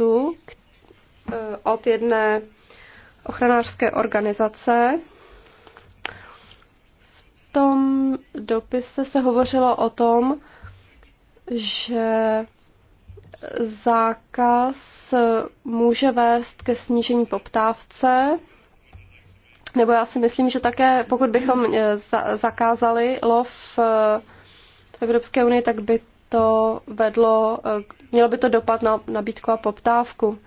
uh, od jedné ochranářské organizace. V tom dopise se hovořilo o tom, že zákaz může vést ke snížení poptávce, nebo já si myslím, že také pokud bychom e, zakázali lov e, v Evropské unii, tak by to vedlo, eh, mělo by to dopad na nabídku a poptávku.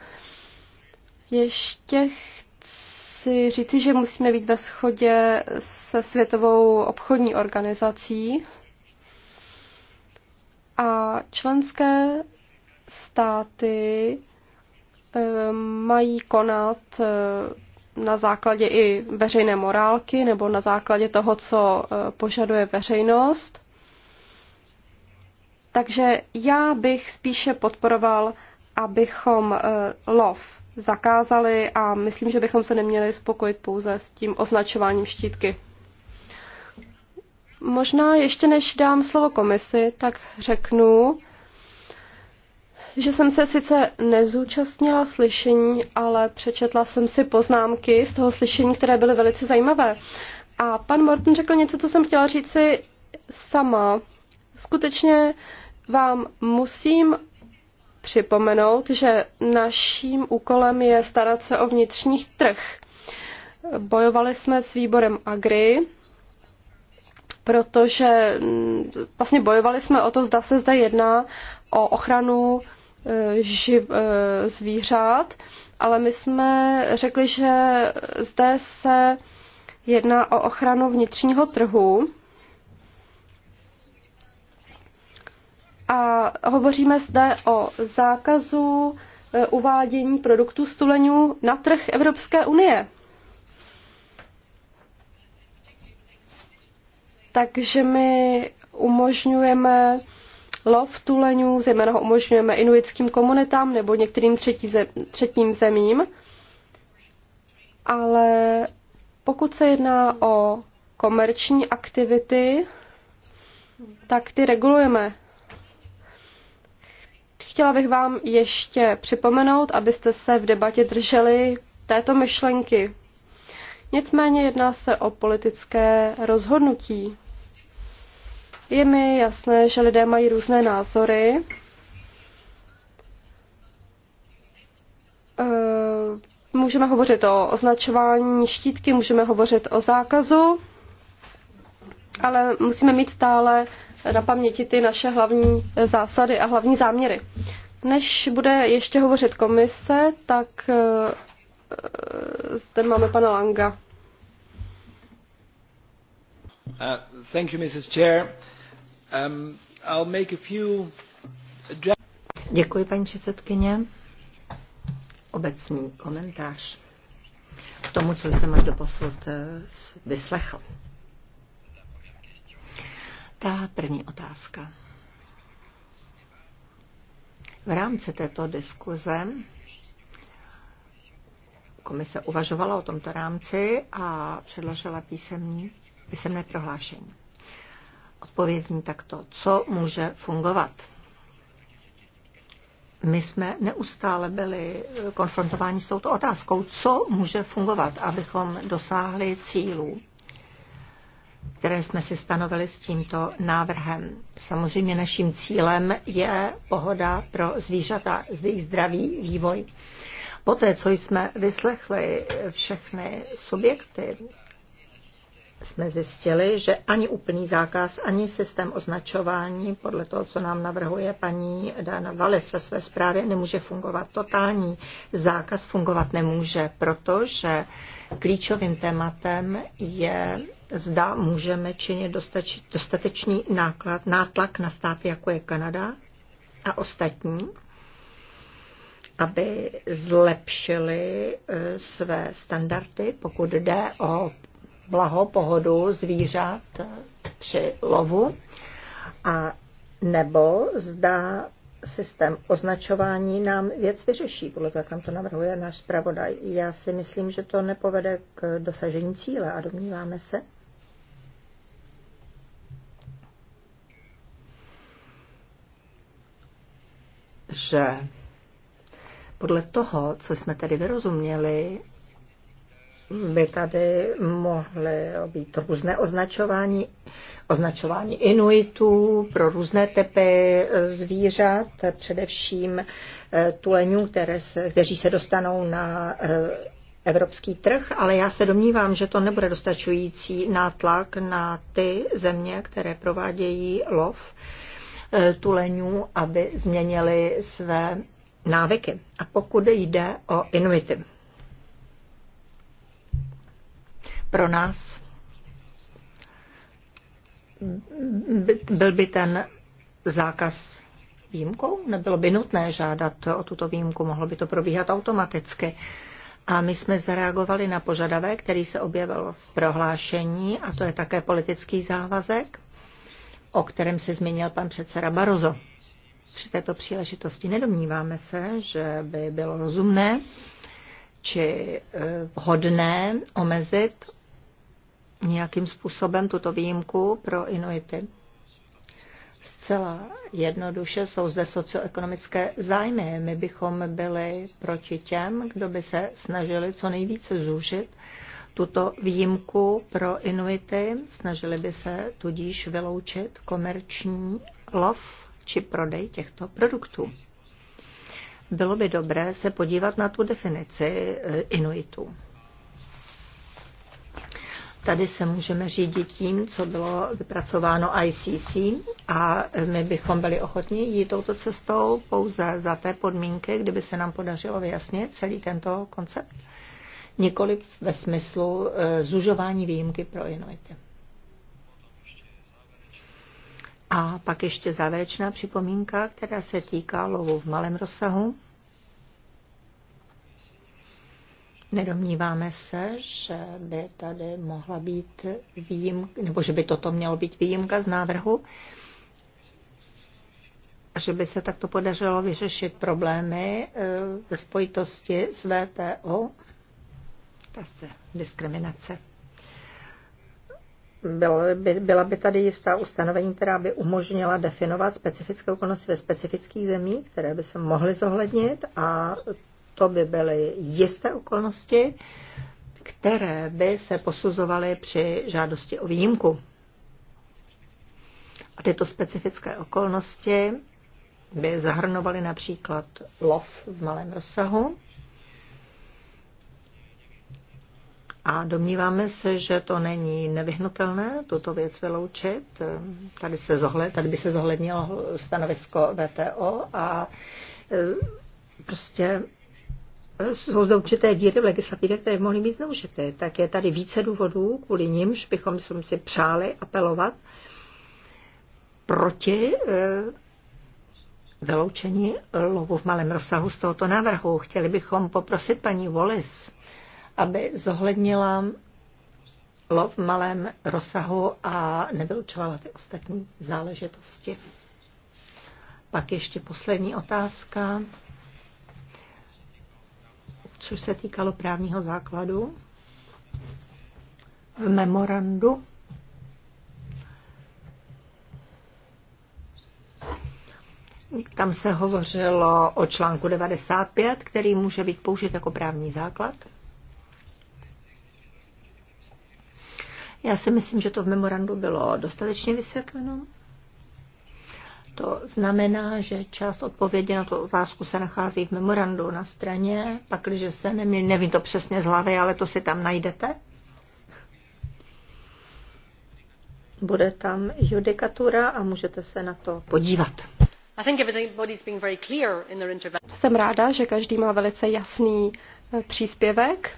Ještě chci říci, že musíme být ve shodě se Světovou obchodní organizací a členské státy eh, mají konat eh, na základě i veřejné morálky nebo na základě toho, co požaduje veřejnost. Takže já bych spíše podporoval, abychom eh, lov zakázali a myslím, že bychom se neměli spokojit pouze s tím označováním štítky. Možná ještě než dám slovo komisi, tak řeknu, že jsem se sice nezúčastnila slyšení, ale přečetla jsem si poznámky z toho slyšení, které byly velice zajímavé. A pan Morton řekl něco, co jsem chtěla říct si sama. Skutečně vám musím připomenout, že naším úkolem je starat se o vnitřní trh. Bojovali jsme s výborem Agri, protože mm, vlastně bojovali jsme o to, zda se zde jedná o ochranu e, živ, e, zvířat, ale my jsme řekli, že zde se jedná o ochranu vnitřního trhu A hovoříme zde o zákazu e, uvádění produktů z tuleňů na trh Evropské unie. Takže my umožňujeme lov tuleňů, zejména ho umožňujeme inuitským komunitám nebo některým třetí zem, třetím zemím. Ale pokud se jedná o komerční aktivity, tak ty regulujeme. Chtěla bych vám ještě připomenout, abyste se v debatě drželi této myšlenky. Nicméně jedná se o politické rozhodnutí. Je mi jasné, že lidé mají různé názory. Eh, můžeme hovořit o označování štítky, můžeme hovořit o zákazu ale musíme mít stále na paměti ty naše hlavní zásady a hlavní záměry. Než bude ještě hovořit komise, tak eh, eh, zde máme pana Langa. Uh, thank you, Mrs. Chair. Um, I'll make a few... Děkuji, paní předsedkyně. Obecný komentář k tomu, co jsem až do posud eh, vyslechl. Ta první otázka. V rámci této diskuze komise uvažovala o tomto rámci a předložila písemní, písemné prohlášení. Odpovězní takto. Co může fungovat? My jsme neustále byli konfrontováni s touto otázkou, co může fungovat, abychom dosáhli cílů které jsme si stanovili s tímto návrhem. Samozřejmě naším cílem je pohoda pro zvířata, jejich zdravý vývoj. Poté, co jsme vyslechli všechny subjekty, jsme zjistili, že ani úplný zákaz, ani systém označování, podle toho, co nám navrhuje paní Dana Vales ve své zprávě, nemůže fungovat. Totální zákaz fungovat nemůže, protože klíčovým tématem je zda můžeme činit dostatečný náklad, nátlak na státy, jako je Kanada a ostatní, aby zlepšili eh, své standardy, pokud jde o blaho, pohodu zvířat při lovu, a nebo zda systém označování nám věc vyřeší, podle toho, jak nám to navrhuje náš zpravodaj. Já si myslím, že to nepovede k dosažení cíle a domníváme se, že podle toho, co jsme tedy vyrozuměli, by tady mohly být různé označování, označování inuitů pro různé typy zvířat, především eh, tuleňů, které se, kteří se dostanou na eh, evropský trh, ale já se domnívám, že to nebude dostačující nátlak na ty země, které provádějí lov Eh, tuleňů, aby změnili své návyky. A pokud jde o Inuity, pro nás byl by ten zákaz výjimkou? Nebylo by nutné žádat o tuto výjimku, mohlo by to probíhat automaticky. A my jsme zareagovali na požadavek, který se objevil v prohlášení, a to je také politický závazek o kterém se zmínil pan předseda Barozo. Při této příležitosti nedomníváme se, že by bylo rozumné či eh, hodné omezit nějakým způsobem tuto výjimku pro Inuity. Zcela jednoduše jsou zde socioekonomické zájmy. My bychom byli proti těm, kdo by se snažili co nejvíce zúžit tuto výjimku pro Inuity, snažili by se tudíž vyloučit komerční lov či prodej těchto produktů. Bylo by dobré se podívat na tu definici e, Inuitů. Tady se můžeme řídit tím, co bylo vypracováno ICC a my bychom byli ochotni jít touto cestou pouze za té podmínky, kdyby se nám podařilo vyjasnit celý tento koncept nikoli ve smyslu e, zužování výjimky pro Inuity. A pak ještě závěrečná připomínka, která se týká lovu v malém rozsahu. Nedomníváme se, že by tady mohla být výjimka, nebo že by toto mělo být výjimka z návrhu, a že by se takto podařilo vyřešit problémy e, ve spojitosti s VTO zase diskriminace. Byl by, byla by tady jistá ustanovení, která by umožnila definovat specifické okolnosti ve specifických zemích, které by se mohly zohlednit a to by byly jisté okolnosti, které by se posuzovaly při žádosti o výjimku. A tyto specifické okolnosti by zahrnovaly například lov v malém rozsahu, A domníváme se, že to není nevyhnutelné tuto věc vyloučit. Tady, se zohled, tady by se zohlednilo stanovisko VTO a e, prostě jsou zde určité díry v legislativě, které mohly být zneužity. Tak je tady více důvodů, kvůli nimž bychom si přáli apelovat proti e, vyloučení lovu v malém rozsahu z tohoto návrhu. Chtěli bychom poprosit paní Wallis, aby zohlednila lov v malém rozsahu a nevylučovala ty ostatní záležitosti. Pak ještě poslední otázka, co se týkalo právního základu v memorandu. Tam se hovořilo o článku 95, který může být použit jako právní základ. Já si myslím, že to v memorandu bylo dostatečně vysvětleno. To znamená, že část odpovědi na tu otázku se nachází v memorandu na straně, pakliže se, nemě, nevím to přesně z hlavy, ale to si tam najdete. Bude tam judikatura a můžete se na to podívat. Jsem ráda, že každý má velice jasný e, příspěvek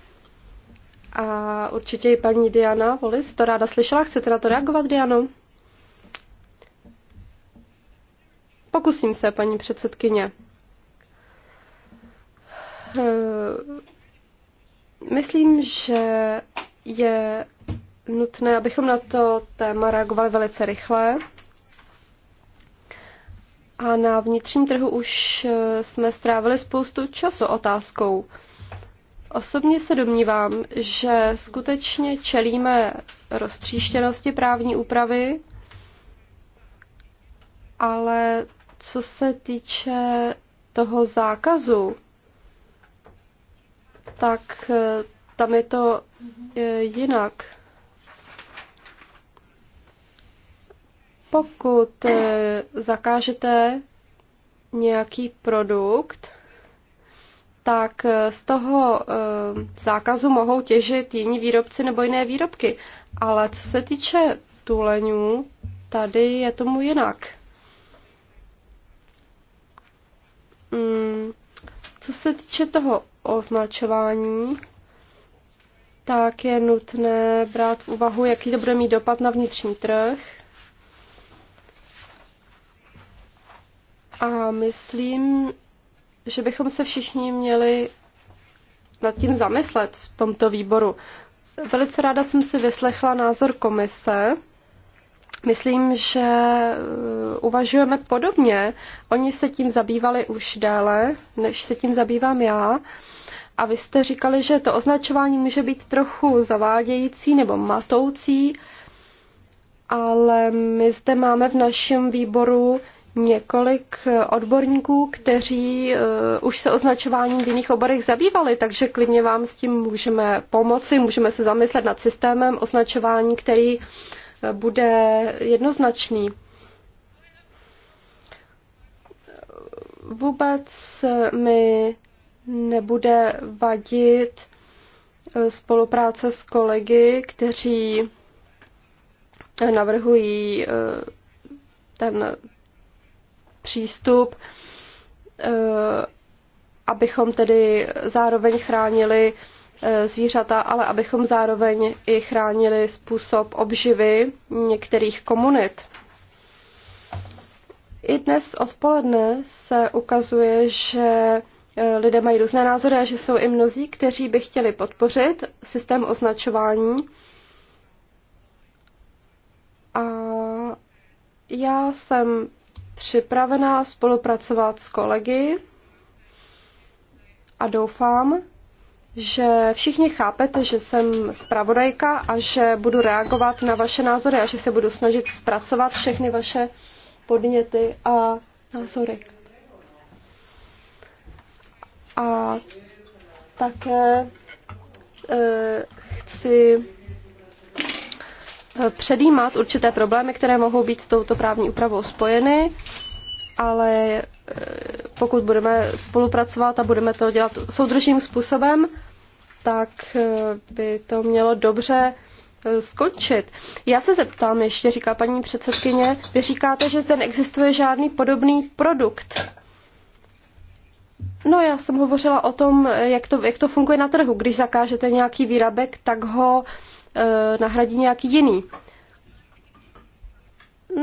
a určitě i paní Diana Volis to ráda slyšela. Chcete na to reagovat, Diano? Pokusím se, paní předsedkyně. Eh, myslím, že je nutné, abychom na to téma reagovali velice rychle. A na vnitřním trhu už eh, jsme strávili spoustu času otázkou, Osobně se domnívám, že skutečně čelíme roztříštěnosti právní úpravy, ale co se týče toho zákazu, tak eh, tam je to eh, jinak. Pokud eh, zakážete nějaký produkt, tak eh, z toho eh, zákazu mohou těžit jiní výrobci nebo jiné výrobky. Ale co se týče tuleňů, tady je tomu jinak. Mm, co se týče toho označování, tak je nutné brát v úvahu, jaký to bude mít dopad na vnitřní trh. A myslím, že bychom se všichni měli nad tím zamyslet v tomto výboru. Velice ráda jsem si vyslechla názor komise. Myslím, že uh, uvažujeme podobně. Oni se tím zabývali už déle, než se tím zabývám já. A vy jste říkali, že to označování může být trochu zavádějící nebo matoucí, ale my zde máme v našem výboru několik eh, odborníků, kteří eh, už se označováním v jiných oborech zabývali, takže klidně vám s tím můžeme pomoci, můžeme se zamyslet nad systémem označování, který eh, bude jednoznačný. Vůbec mi nebude vadit spolupráce s kolegy, kteří navrhují ten přístup, eh, abychom tedy zároveň chránili eh, zvířata, ale abychom zároveň i chránili způsob obživy některých komunit. I dnes odpoledne se ukazuje, že eh, lidé mají různé názory a že jsou i mnozí, kteří by chtěli podpořit systém označování. A já jsem připravená spolupracovat s kolegy a doufám, že všichni chápete, že jsem zpravodajka a že budu reagovat na vaše názory a že se budu snažit zpracovat všechny vaše podněty a názory. A také e, chci předjímat určité problémy, které mohou být s touto právní úpravou spojeny, ale e, pokud budeme spolupracovat a budeme to dělat soudržným způsobem, tak e, by to mělo dobře e, skončit. Já se zeptám ještě, říká paní předsedkyně, vy říkáte, že zde neexistuje žádný podobný produkt. No já jsem hovořila o tom, jak to, jak to funguje na trhu. Když zakážete nějaký výrobek, tak ho uh, E, nahradí nějaký jiný.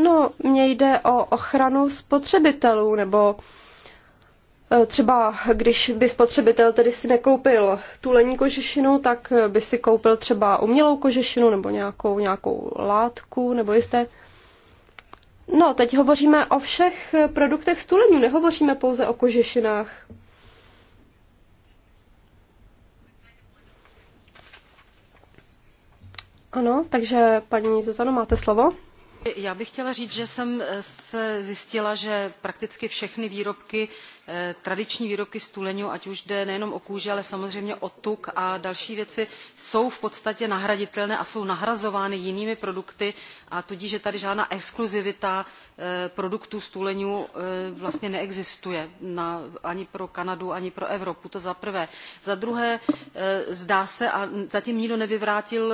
No, mně jde o ochranu spotřebitelů, nebo e, třeba když by spotřebitel tedy si nekoupil tulení kožešinu, tak by si koupil třeba umělou kožešinu nebo nějakou, nějakou látku, nebo jisté. No, teď hovoříme o všech produktech z tulení, nehovoříme pouze o kožešinách. Ano, takže paní Zuzano, máte slovo. Já bych chtěla říct, že jsem eh, se zjistila, že prakticky všechny výrobky Eh, tradiční výrobky z tuleňů ať už jde nejenom o kůži ale samozřejmě o tuk a další věci jsou v podstatě nahraditelné a jsou nahrazovány jinými produkty a tudíž že tady žádná exkluzivita eh, produktů z tuleňů eh, vlastně neexistuje ani pro kanadu ani pro evropu to za prvé. za druhé zdá se a zatím nikdo nevyvrátil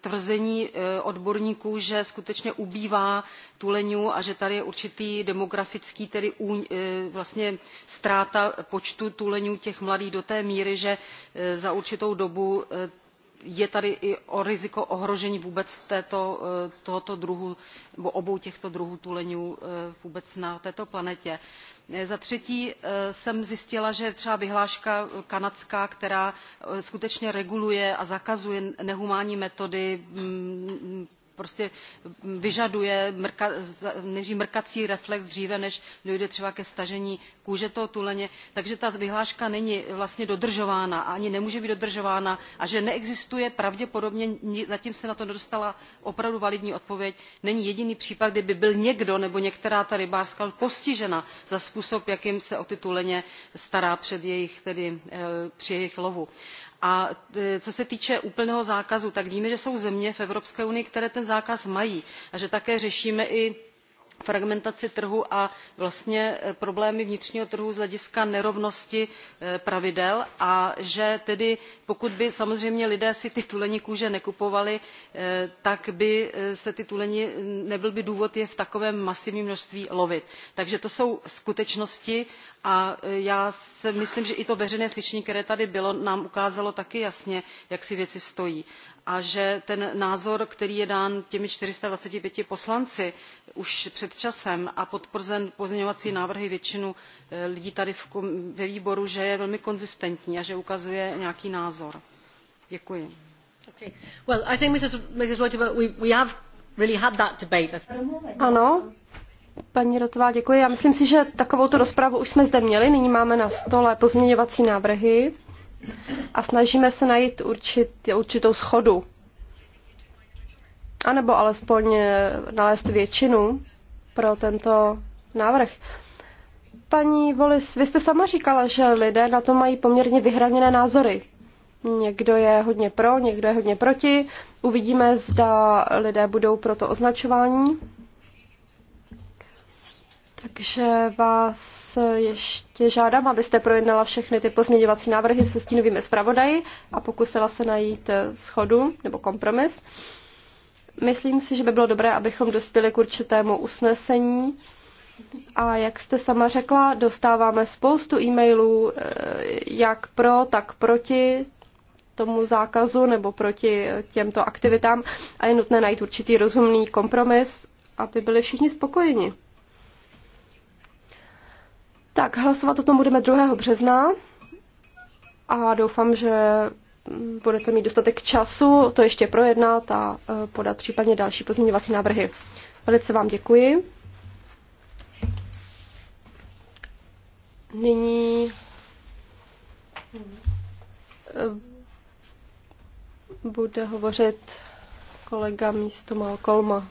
tvrzení odborníků že skutečně ubývá tuleňů a že tady je určitý demografický tedy e, vlastně ztráta počtu tuleňů těch mladých do té míry že e, za určitou dobu e, je tady i o riziko ohrožení vůbec této, tohoto druhu nebo obou těchto druhů tuleňů vůbec na této planetě. za třetí jsem zjistila že třeba vyhláška kanadská která skutečně reguluje a zakazuje nehumánní metody prostě vyžaduje nejdřív mrkací reflex dříve než dojde třeba ke stažení kůže toho tuleně takže ta vyhláška není vlastně dodržována a ani nemůže být dodržována a že neexistuje pravděpodobně zatím se na to nedostala opravdu validní odpověď není jediný případ kdy by byl někdo nebo některá ta rybářská postižena za způsob jakým se o ty tuleně stará před jejich, eh, při jejich lovu a e, co se týče úplného zákazu tak víme že jsou země v evropské unii které ten zákaz mají a že také řešíme i fragmentaci trhu a vlastně eh, problémy vnitřního trhu z hlediska nerovnosti eh, pravidel a že tedy pokud by samozřejmě lidé si ty tuleni kůže nekupovali eh, tak by se ty tuleni mm, nebyl by důvod je v takovém masivním množství lovit. takže to jsou skutečnosti a já si myslím že i to veřejné slyšení které tady bylo nám ukázalo taky jasně jak si věci stojí a že ten názor který je dán těmi four hundred and twenty five poslanci už před časem a potvrzen pozměňovacími návrhy většiny eh, lidí tady ve výboru že je velmi konzistentní a že ukazuje nějaký názor. děkuji. Ano, paní Rotová, děkuji. Já myslím si, že takovouto rozpravu už jsme zde měli. Nyní máme na stole pozměňovací návrhy a snažíme se najít určit, určitou schodu. A nebo alespoň eh, nalézt většinu pro tento návrh. Paní Volis, vy jste sama říkala, že lidé na to mají poměrně vyhraněné názory. Někdo je hodně pro, někdo je hodně proti. Uvidíme, zda lidé budou pro to označování. Takže vás vás ještě žádám, abyste projednala všechny ty pozměňovací návrhy se stínovými zpravodaji a pokusila se najít eh, schodu nebo kompromis. Myslím si, že by bylo dobré, abychom dospěli k určitému usnesení. A jak jste sama řekla, dostáváme spoustu e-mailů, eh, jak pro, tak proti tomu zákazu nebo proti eh, těmto aktivitám a je nutné najít určitý rozumný kompromis, aby byli všichni spokojeni. Tak, hlasovat o tom budeme 2. března a doufám, že budete mít dostatek času to ještě projednat a e, podat případně další pozměňovací návrhy. Velice vám děkuji. Nyní e, bude hovořit kolega místo Malkolma.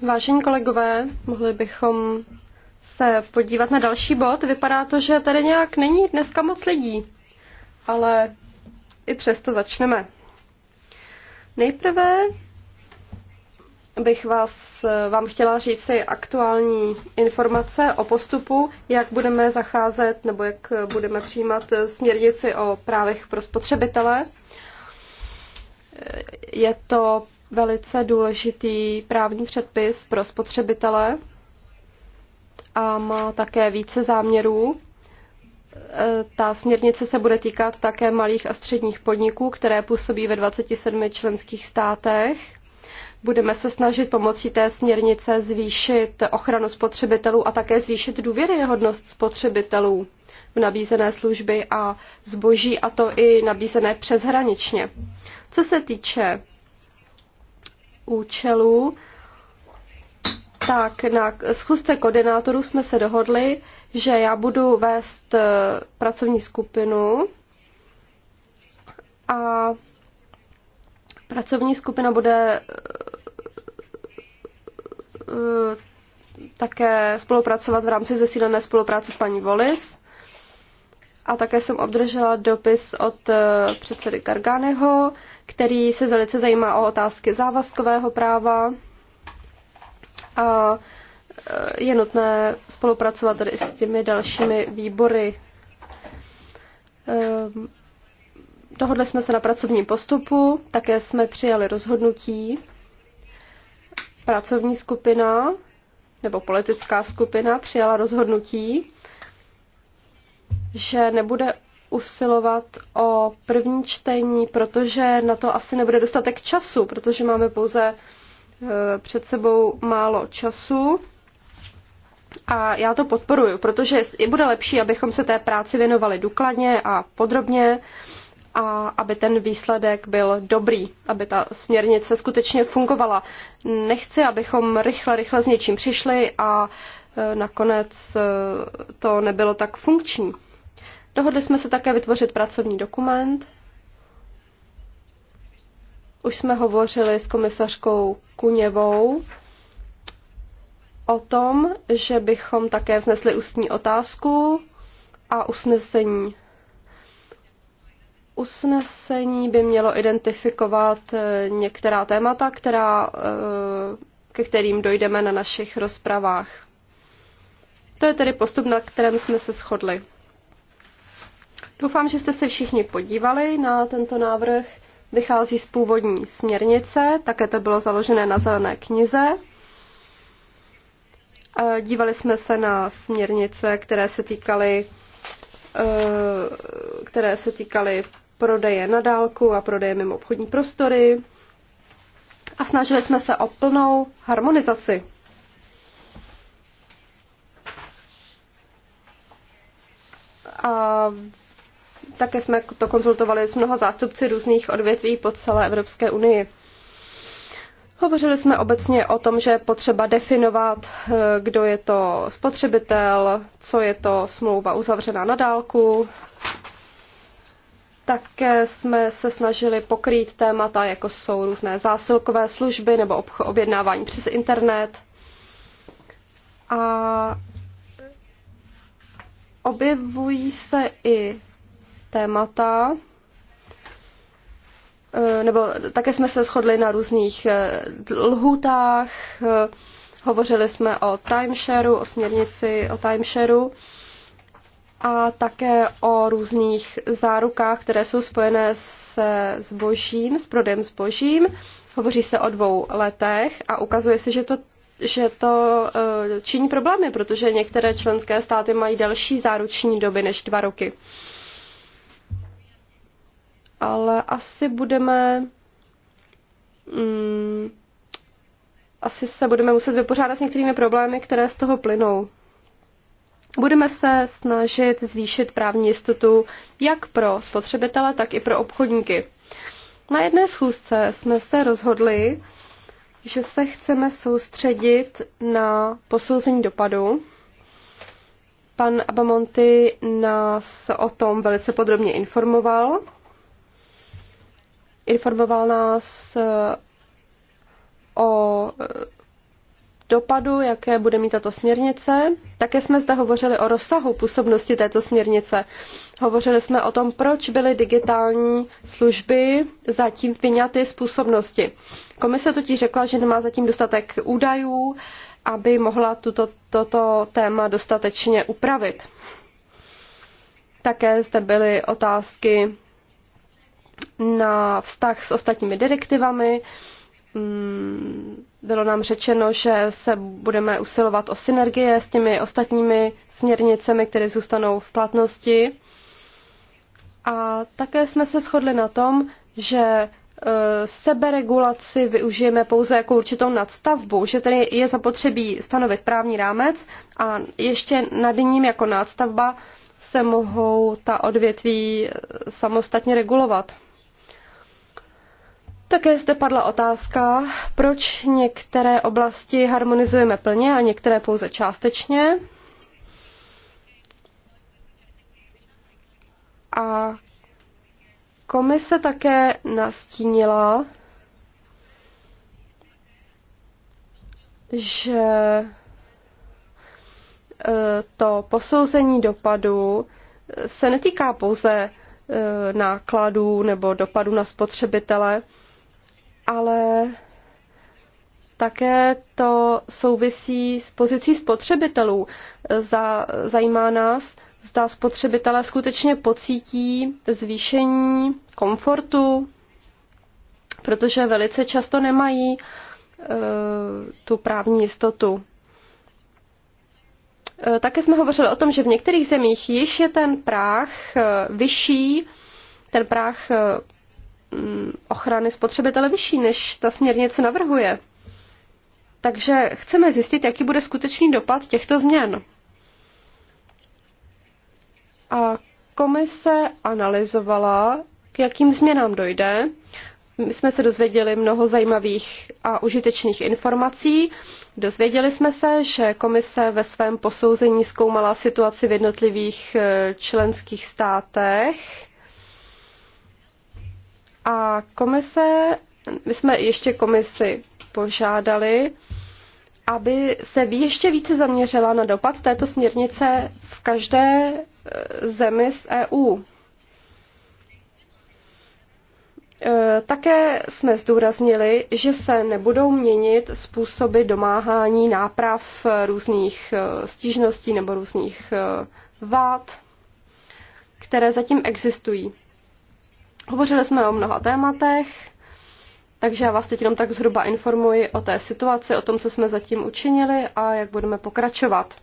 Vážení kolegové, mohli bychom se podívat na další bod. Vypadá to, že tady nějak není dneska moc lidí, ale i přesto začneme. Nejprve bych vás, vám chtěla říct si aktuální informace o postupu, jak budeme zacházet nebo jak budeme přijímat směrnici o právech pro spotřebitele. Je to velice důležitý právní předpis pro spotřebitele a má také více záměrů. E, ta směrnice se bude týkat také malých a středních podniků, které působí ve 27 členských státech. Budeme se snažit pomocí té směrnice zvýšit ochranu spotřebitelů a také zvýšit důvěryhodnost spotřebitelů v nabízené služby a zboží, a to i nabízené přeshraničně. Co se týče účelů, tak na schůzce koordinátorů jsme se dohodli, že já budu vést eh, pracovní skupinu a pracovní skupina bude eh, eh, také spolupracovat v rámci zesílené spolupráce s paní Volis. A také jsem obdržela dopis od předsedy Garganeho, který se velice zajímá o otázky závazkového práva a eh, je nutné spolupracovat tady s těmi dalšími výbory. Eh, dohodli jsme se na pracovním postupu, také jsme přijali rozhodnutí. Pracovní skupina nebo politická skupina přijala rozhodnutí, že nebude usilovat o první čtení, protože na to asi nebude dostatek času, protože máme pouze e, před sebou málo času. A já to podporuji, protože bude lepší, abychom se té práci věnovali důkladně a podrobně a aby ten výsledek byl dobrý, aby ta směrnice skutečně fungovala. Nechci, abychom rychle, rychle s něčím přišli a e, nakonec e, to nebylo tak funkční. Dohodli jsme se také vytvořit pracovní dokument. Už jsme hovořili s komisařkou Kuněvou o tom, že bychom také vznesli ústní otázku a usnesení. Usnesení by mělo identifikovat eh, některá témata, která, eh, ke kterým dojdeme na našich rozpravách. To je tedy postup, na kterém jsme se shodli. Doufám, že jste se všichni podívali na tento návrh. Vychází z původní směrnice, také to bylo založené na zelené knize. Eh, dívali jsme se na směrnice, které se týkaly, eh, které se týkaly prodeje na dálku a prodeje mimo obchodní prostory a snažili jsme se o plnou harmonizaci. A také jsme to konzultovali s mnoha zástupci různých odvětví po celé Evropské unii. Hovořili jsme obecně o tom, že je potřeba definovat, eh, kdo je to spotřebitel, co je to smlouva uzavřená na dálku. Také jsme se snažili pokrýt témata, jako jsou různé zásilkové služby nebo objednávání přes internet. A objevují se i témata, eh, nebo také jsme se shodli na různých eh, lhutách, eh, hovořili jsme o timeshareu, o směrnici o timeshareu a také o různých zárukách, které jsou spojené se zbožím, s prodejem zbožím. Hovoří se o dvou letech a ukazuje se, že to že to činí problémy, protože některé členské státy mají delší záruční doby než dva roky ale asi budeme mm, asi se budeme muset vypořádat s některými problémy, které z toho plynou. Budeme se snažit zvýšit právní jistotu jak pro spotřebitele, tak i pro obchodníky. Na jedné schůzce jsme se rozhodli, že se chceme soustředit na posouzení dopadu. Pan Abamonty nás o tom velice podrobně informoval Informoval nás eh, o eh, dopadu, jaké bude mít tato směrnice. Také jsme zde hovořili o rozsahu působnosti této směrnice. Hovořili jsme o tom, proč byly digitální služby zatím vyňaty z působnosti. Komise totiž řekla, že nemá zatím dostatek údajů, aby mohla tuto, toto téma dostatečně upravit. Také zde byly otázky na vztah s ostatními direktivami. Mm, bylo nám řečeno, že se budeme usilovat o synergie s těmi ostatními směrnicemi, které zůstanou v platnosti. A také jsme se shodli na tom, že e, seberegulaci využijeme pouze jako určitou nadstavbu, že tedy je zapotřebí stanovit právní rámec a ještě nad ním jako nadstavba se mohou ta odvětví e, samostatně regulovat. Také zde padla otázka, proč některé oblasti harmonizujeme plně a některé pouze částečně. A komise také nastínila, že e, to posouzení dopadu e, se netýká pouze e, nákladů nebo dopadu na spotřebitele, ale také to souvisí s pozicí spotřebitelů. Za, zajímá nás, zda spotřebitelé skutečně pocítí zvýšení komfortu, protože velice často nemají e, tu právní jistotu. E, také jsme hovořili o tom, že v některých zemích již je ten práh e, vyšší, ten práh e, Mm, ochrany spotřebitele vyšší, než ta směrnice navrhuje. Takže chceme zjistit, jaký bude skutečný dopad těchto změn. A komise analyzovala, k jakým změnám dojde. My jsme se dozvěděli mnoho zajímavých a užitečných informací. Dozvěděli jsme se, že komise ve svém posouzení zkoumala situaci v jednotlivých eh, členských státech a komise, my jsme ještě komisi požádali, aby se ještě více zaměřila na dopad této směrnice v každé eh, zemi z EU. Eh, také jsme zdůraznili, že se nebudou měnit způsoby domáhání náprav eh, různých stížností nebo různých vád, které zatím existují. Hovořili jsme o mnoha tématech, takže já vás teď jenom tak zhruba informuji o té situaci, o tom, co jsme zatím učinili a jak budeme pokračovat.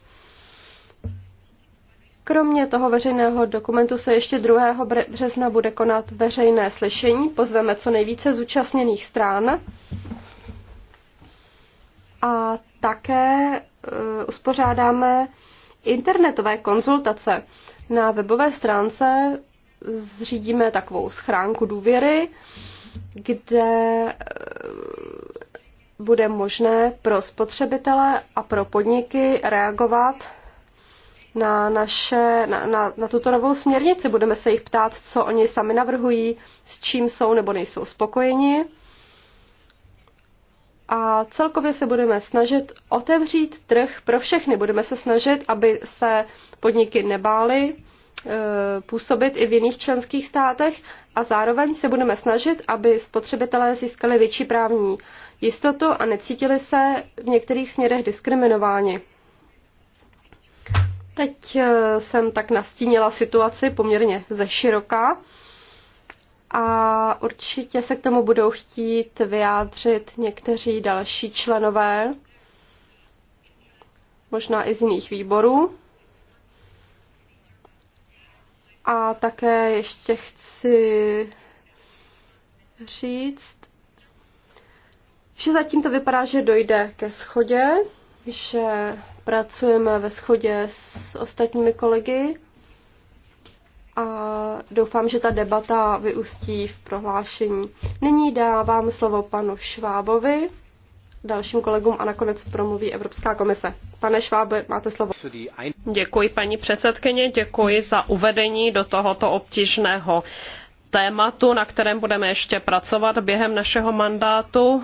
Kromě toho veřejného dokumentu se ještě 2. března bude konat veřejné slyšení. Pozveme co nejvíce zúčastněných strán. A také eh, uspořádáme internetové konzultace. Na webové stránce zřídíme takovou schránku důvěry, kde eh, bude možné pro spotřebitele a pro podniky reagovat na, naše, na, na, na tuto novou směrnici. Budeme se jich ptát, co oni sami navrhují, s čím jsou nebo nejsou spokojeni. A celkově se budeme snažit otevřít trh pro všechny. Budeme se snažit, aby se podniky nebály Eh, působit i v jiných členských státech a zároveň se budeme snažit, aby spotřebitelé získali větší právní jistotu a necítili se v některých směrech diskriminováni. Teď eh, jsem tak nastínila situaci poměrně ze široká a určitě se k tomu budou chtít vyjádřit někteří další členové, možná i z jiných výborů. A také ještě chci říct, že zatím to vypadá, že dojde ke schodě, že pracujeme ve schodě s ostatními kolegy a doufám, že ta debata vyústí v prohlášení. Nyní dávám slovo panu Švábovi dalším kolegům a nakonec promluví Evropská komise. Pane Švábe, máte slovo. Děkuji paní předsedkyně, děkuji za uvedení do tohoto obtížného tématu, na kterém budeme ještě pracovat během našeho mandátu.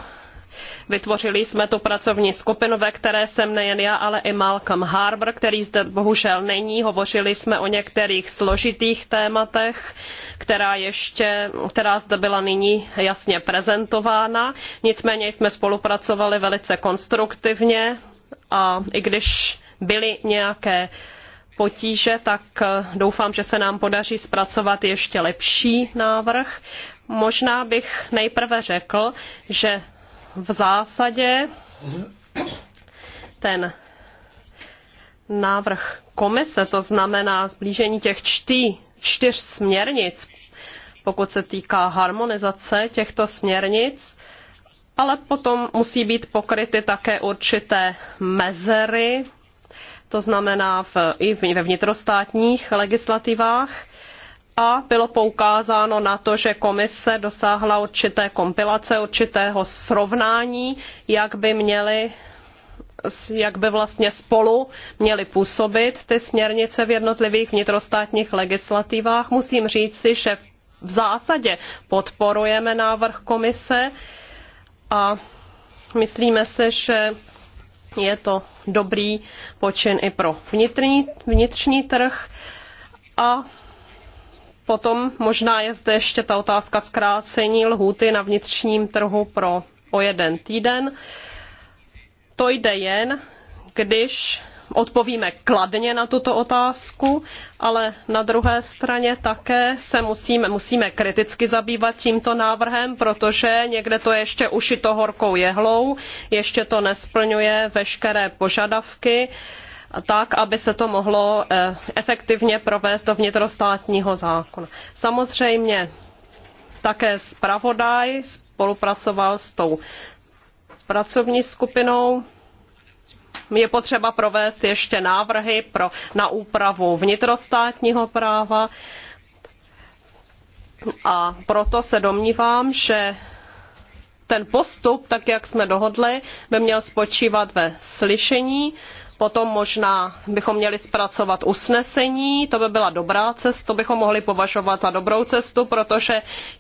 Vytvořili jsme tu pracovní skupinu, ve které jsem nejen já, ale i Malcolm Harbour, který zde bohužel není. Hovořili jsme o některých složitých tématech, která, ještě, která zde byla nyní jasně prezentována. Nicméně jsme spolupracovali velice konstruktivně a i když byly nějaké potíže, tak eh, doufám, že se nám podaří zpracovat ještě lepší návrh. Možná bych nejprve řekl, že v zásadě ten návrh komise, to znamená zblížení těch čtí, čtyř směrnic, pokud se týká harmonizace těchto směrnic, ale potom musí být pokryty také určité mezery, to znamená v, i ve vnitrostátních legislativách a bylo poukázáno na to, že komise dosáhla určité kompilace, určitého srovnání, jak by měly jak by vlastně spolu měly působit ty směrnice v jednotlivých vnitrostátních legislativách. Musím říci, že v zásadě podporujeme návrh komise a myslíme se, že je to dobrý počin i pro vnitřní trh a Potom možná je zde ještě ta otázka zkrácení lhůty na vnitřním trhu pro o jeden týden. To jde jen, když odpovíme kladně na tuto otázku, ale na druhé straně také se musíme, musíme kriticky zabývat tímto návrhem, protože někde to je ještě ušito horkou jehlou, ještě to nesplňuje veškeré požadavky. Uh, tak, aby se to mohlo eh, efektivně provést do vnitrostátního zákona. Samozřejmě také zpravodaj spolupracoval s tou pracovní skupinou. Je potřeba provést ještě návrhy pro, na úpravu vnitrostátního práva a proto se domnívám, že ten postup, tak jak jsme dohodli, by měl spočívat ve slyšení Potom možná bychom měli zpracovat usnesení, to by byla dobrá cesta, to bychom mohli považovat za dobrou cestu, protože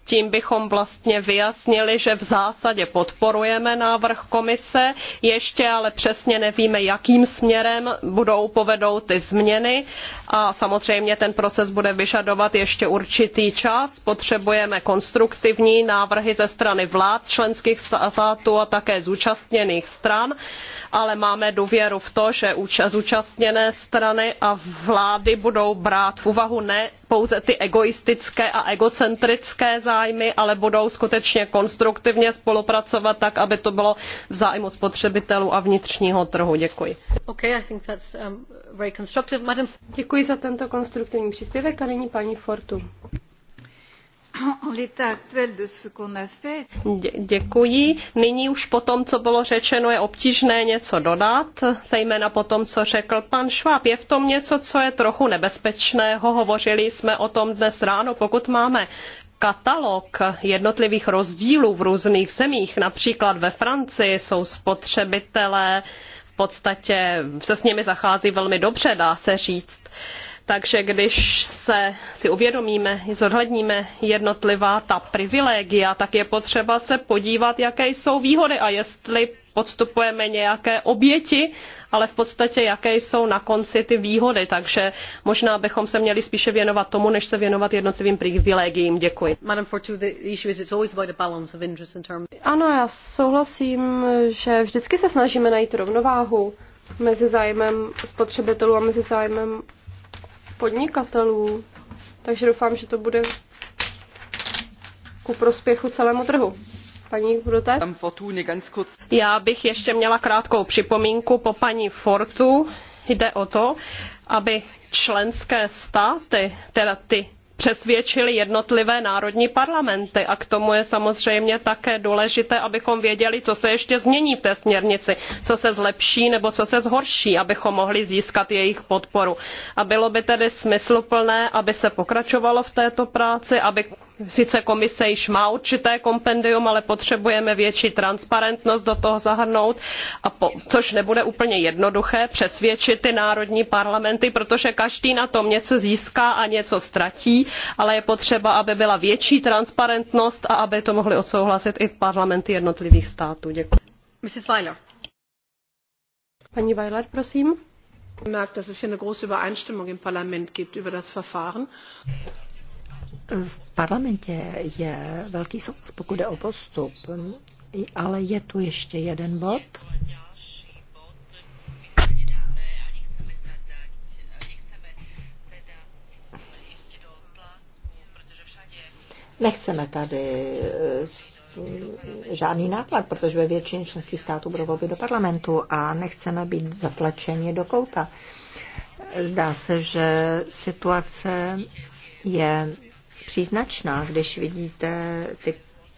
tím bychom vlastně vyjasnili, že v zásadě podporujeme návrh komise, ještě ale přesně nevíme, jakým směrem budou povedou ty změny a samozřejmě ten proces bude vyžadovat ještě určitý čas. Potřebujeme konstruktivní návrhy ze strany vlád členských států a také zúčastněných stran, ale máme důvěru v to, že že zúčastněné strany a vlády budou brát v úvahu ne pouze ty egoistické a egocentrické zájmy, ale budou skutečně konstruktivně spolupracovat tak, aby to bylo v zájmu spotřebitelů a vnitřního trhu. Děkuji. Okay, I think that's, um, very constructive. Madam... Děkuji za tento konstruktivní příspěvek a nyní paní Fortu. Děkuji. Nyní už po tom, co bylo řečeno, je obtížné něco dodat, zejména po tom, co řekl pan Schwab. Je v tom něco, co je trochu nebezpečného. Hovořili jsme o tom dnes ráno. Pokud máme katalog jednotlivých rozdílů v různých zemích, například ve Francii jsou spotřebitelé, v podstatě se s nimi zachází velmi dobře, dá se říct. Takže když se si uvědomíme, zohledníme jednotlivá ta privilegia, tak je potřeba se podívat, jaké jsou výhody a jestli podstupujeme nějaké oběti, ale v podstatě jaké jsou na konci ty výhody. Takže možná bychom se měli spíše věnovat tomu, než se věnovat jednotlivým privilegiím. Děkuji. Ano, já souhlasím, že vždycky se snažíme najít rovnováhu mezi zájmem spotřebitelů a mezi zájmem podnikatelů. Takže doufám, že to bude ku prospěchu celému trhu. Paní Brute? Já bych ještě měla krátkou připomínku po paní Fortu. Jde o to, aby členské státy, teda ty přesvědčily jednotlivé národní parlamenty a k tomu je samozřejmě také důležité, abychom věděli, co se ještě změní v té směrnici, co se zlepší nebo co se zhorší, abychom mohli získat jejich podporu. A bylo by tedy smysluplné, aby se pokračovalo v této práci, aby sice komise již má určité kompendium, ale potřebujeme větší transparentnost do toho zahrnout, a po, což nebude úplně jednoduché přesvědčit ty národní parlamenty, protože každý na tom něco získá a něco ztratí ale je potřeba, aby byla větší transparentnost a aby to mohly odsouhlasit i parlamenty jednotlivých států. Děkuji. Mrs. Weiler. Paní Weiler, prosím. Merkt, dass es hier eine große Übereinstimmung im Parlament gibt über das Verfahren. V parlamentě je velký souhlas, pokud je o postup, ale je tu ještě jeden bod, Nechceme tady eh, žádný náklad, protože ve většině členských států budou volby do parlamentu a nechceme být zatlačeni do kouta. Zdá se, že situace je příznačná, když vidíte ty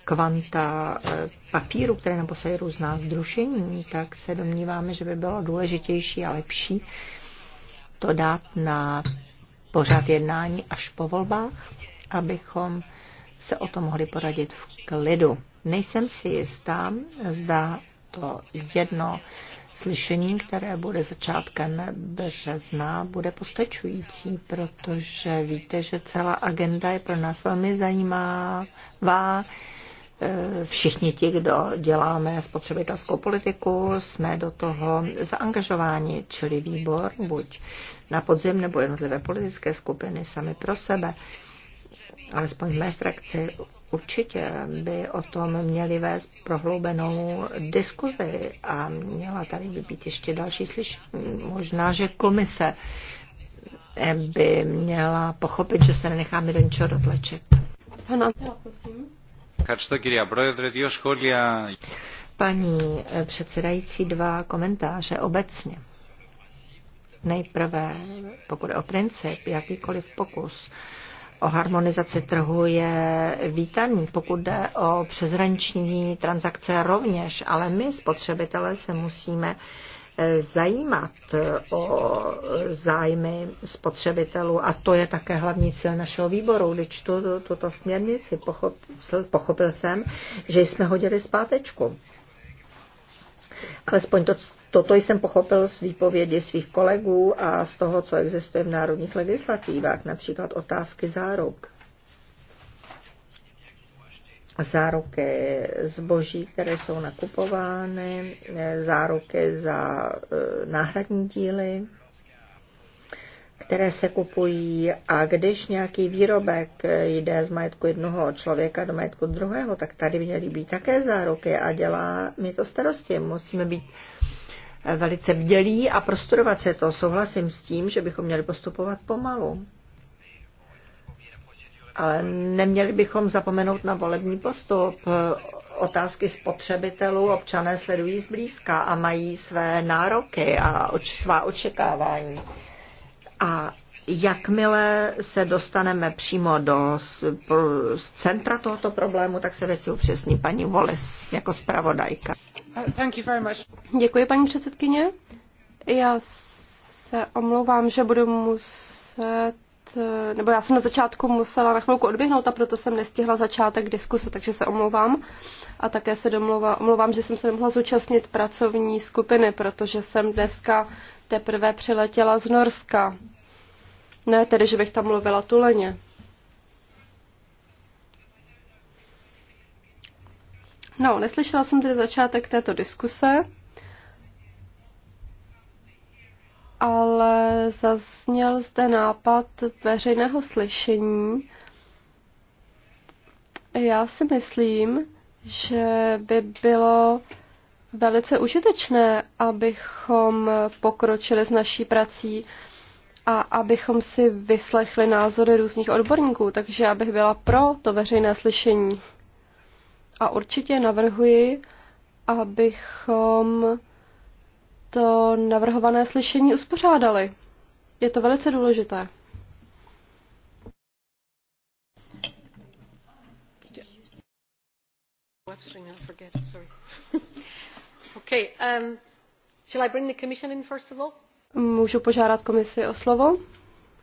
kvanta eh, papíru, které naposají různá zdrušení, tak se domníváme, že by bylo důležitější a lepší to dát na pořád jednání až po volbách, abychom se o to mohli poradit v klidu. Nejsem si jistá, zda to jedno slyšení, které bude začátkem března, bude postačující, protože víte, že celá agenda je pro nás velmi zajímavá. E, všichni ti, kdo děláme spotřebitelskou politiku, jsme do toho zaangažováni, čili výbor buď na podzim nebo jednotlivé politické skupiny sami pro sebe alespoň v mé frakci, určitě by o tom měli vést prohloubenou diskuzi a měla tady by být ještě další slyšení. Možná, že komise by měla pochopit, že se nenecháme do ničeho dotlačit. Ano, prosím. Paní předsedající, dva komentáře obecně. Nejprve, pokud je o princip, jakýkoliv pokus o harmonizaci trhu je vítaný, pokud jde o přezranční transakce rovněž, ale my spotřebitelé se musíme eh, zajímat eh, o zájmy spotřebitelů a to je také hlavní cíl našeho výboru. Když tu, tuto směrnici pochopil, pochopil jsem, že jsme hodili zpátečku. Alespoň to, toto jsem pochopil z výpovědi svých kolegů a z toho, co existuje v národních legislativách, například otázky záruk. Záruky zboží, které jsou nakupovány, záruky za eh, náhradní díly, které se kupují a když nějaký výrobek jde z majetku jednoho člověka do majetku druhého, tak tady měly být také záruky a dělá mi to starosti. Musíme být velice vdělí a prostorovat se to. Souhlasím s tím, že bychom měli postupovat pomalu. Ale neměli bychom zapomenout na volební postup. Otázky spotřebitelů občané sledují zblízka a mají své nároky a oč- svá očekávání. A jakmile se dostaneme přímo do centra tohoto problému, tak se věci upřesní paní Volis jako zpravodajka. Děkuji, paní předsedkyně. Já se omlouvám, že budu muset, nebo já jsem na začátku musela na chvilku odběhnout a proto jsem nestihla začátek diskuse, takže se omlouvám. A také se domluvám, omlouvám, že jsem se nemohla zúčastnit pracovní skupiny, protože jsem dneska teprve přiletěla z Norska. Ne tedy, že bych tam mluvila tuleně. No, neslyšela jsem tedy začátek této diskuse, ale zazněl zde nápad veřejného slyšení. Já si myslím, že by bylo velice užitečné, abychom pokročili s naší prací a abychom si vyslechli názory různých odborníků, takže já bych byla pro to veřejné slyšení. A určitě navrhuji, abychom to navrhované slyšení uspořádali. Je to velice důležité. Webster now forget, sorry. Můžu požádat komisi o slovo?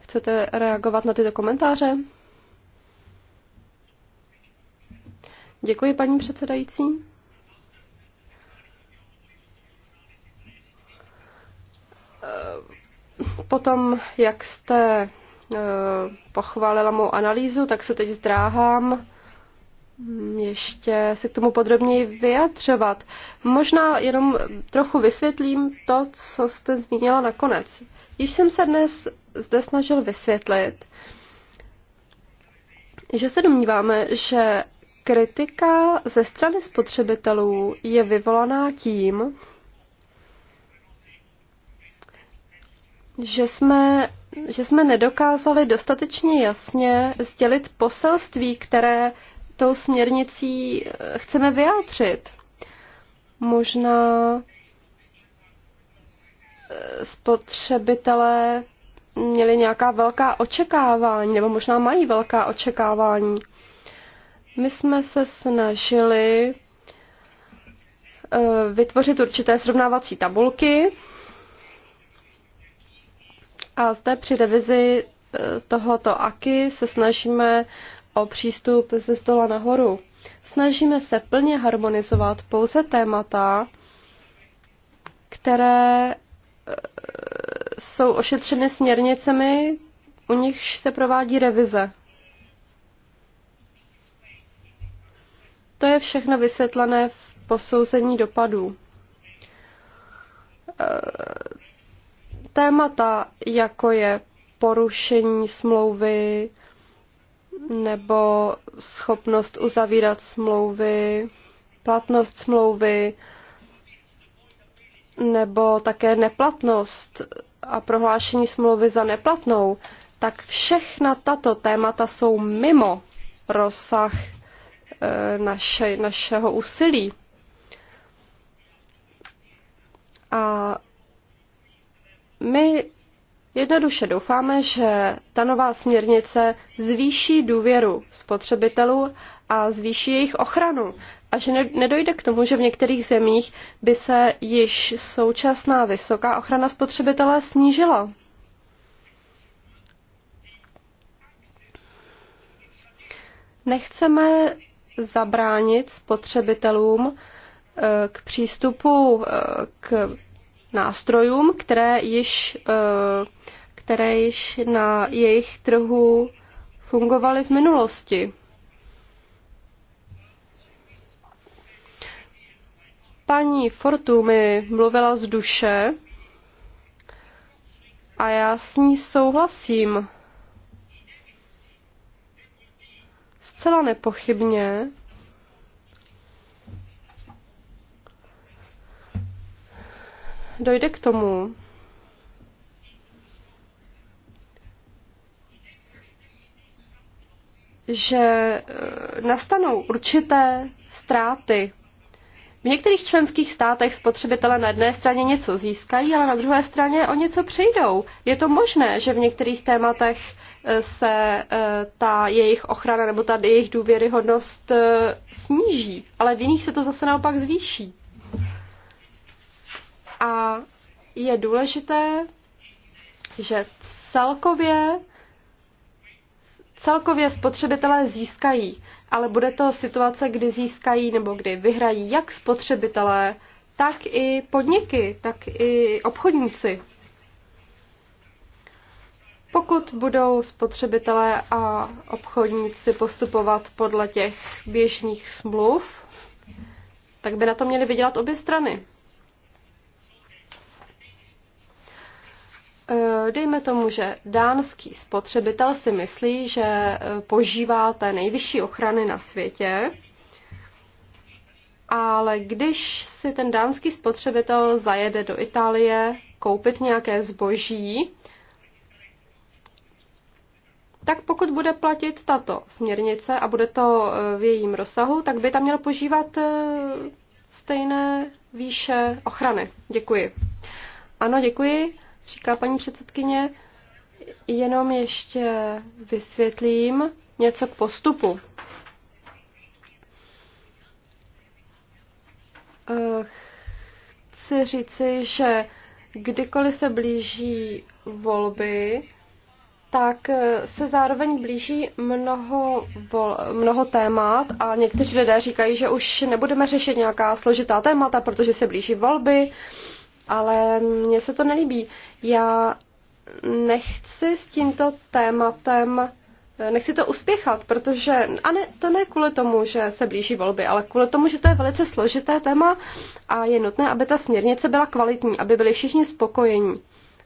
Chcete reagovat na tyto komentáře? Děkuji, paní předsedající. Potom, jak jste eh, pochválila mou analýzu, tak se teď zdráhám Mm, ještě se k tomu podrobněji vyjadřovat. Možná jenom trochu vysvětlím to, co jste zmínila nakonec. Již jsem se dnes zde snažil vysvětlit, že se domníváme, že kritika ze strany spotřebitelů je vyvolaná tím, že jsme, že jsme nedokázali dostatečně jasně sdělit poselství, které tou směrnicí eh, chceme vyjádřit. Možná eh, spotřebitelé měli nějaká velká očekávání, nebo možná mají velká očekávání. My jsme se snažili eh, vytvořit určité srovnávací tabulky a zde při revizi tohoto AKI se snažíme o přístup ze stola nahoru. Snažíme se plně harmonizovat pouze témata, které eh, jsou ošetřeny směrnicemi, u nichž se provádí revize. To je všechno vysvětlené v posouzení dopadů. Eh, témata, jako je porušení smlouvy, nebo schopnost uzavírat smlouvy, platnost smlouvy, nebo také neplatnost a prohlášení smlouvy za neplatnou, tak všechna tato témata jsou mimo rozsah e, naše, našeho úsilí. A my Jednoduše doufáme, že ta nová směrnice zvýší důvěru spotřebitelů a zvýší jejich ochranu a že nedojde k tomu, že v některých zemích by se již současná vysoká ochrana spotřebitele snížila. Nechceme zabránit spotřebitelům eh, k přístupu eh, k nástrojům, které již, eh, které již na jejich trhu fungovaly v minulosti. Paní Fortu mi mluvila z duše a já s ní souhlasím. Zcela nepochybně dojde k tomu, že eh, nastanou určité ztráty. V některých členských státech spotřebitelé na jedné straně něco získají, ale na druhé straně o něco přijdou. Je to možné, že v některých tématech eh, se eh, ta jejich ochrana nebo ta jejich důvěryhodnost sníží, ale v jiných se to zase naopak zvýší. A je důležité, že celkově celkově spotřebitelé získají, ale bude to situace, kdy získají nebo kdy vyhrají jak spotřebitelé, tak i podniky, tak i obchodníci. Pokud budou spotřebitelé a obchodníci postupovat podle těch běžných smluv, tak by na to měly vydělat obě strany. Eh, dejme tomu, že dánský spotřebitel si myslí, že eh, požívá té nejvyšší ochrany na světě, ale když si ten dánský spotřebitel zajede do Itálie koupit nějaké zboží, tak pokud bude platit tato směrnice a bude to eh, v jejím rozsahu, tak by tam měl požívat stejné výše ochrany. Děkuji. Ano, děkuji říká paní předsedkyně. Jenom ještě vysvětlím něco k postupu. Eh, chci říci, že kdykoliv se blíží volby, tak eh, se zároveň blíží mnoho, vol, mnoho témat a někteří lidé říkají, že už nebudeme řešit nějaká složitá témata, protože se blíží volby ale mně se to nelíbí. Já nechci s tímto tématem, nechci to uspěchat, protože, a ne, to ne kvůli tomu, že se blíží volby, ale kvůli tomu, že to je velice složité téma a je nutné, aby ta směrnice byla kvalitní, aby byli všichni spokojení,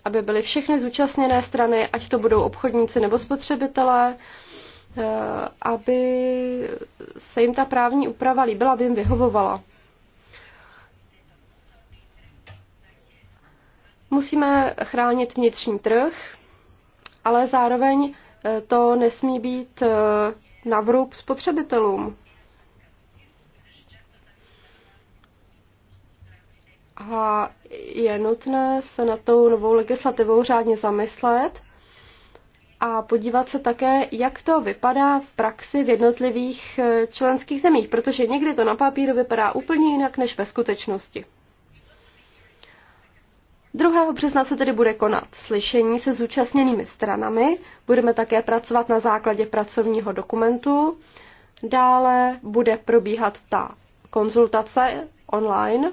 aby byly všechny zúčastněné strany, ať to budou obchodníci nebo spotřebitelé, eh, aby se jim ta právní úprava líbila, aby jim vyhovovala. Musíme chránit vnitřní trh, ale zároveň eh, to nesmí být eh, na vrub spotřebitelům. A je nutné se na tou novou legislativou řádně zamyslet a podívat se také, jak to vypadá v praxi v jednotlivých eh, členských zemích, protože někdy to na papíru vypadá úplně jinak než ve skutečnosti. 2. března se tedy bude konat slyšení se zúčastněnými stranami. Budeme také pracovat na základě pracovního dokumentu. Dále bude probíhat ta konzultace online.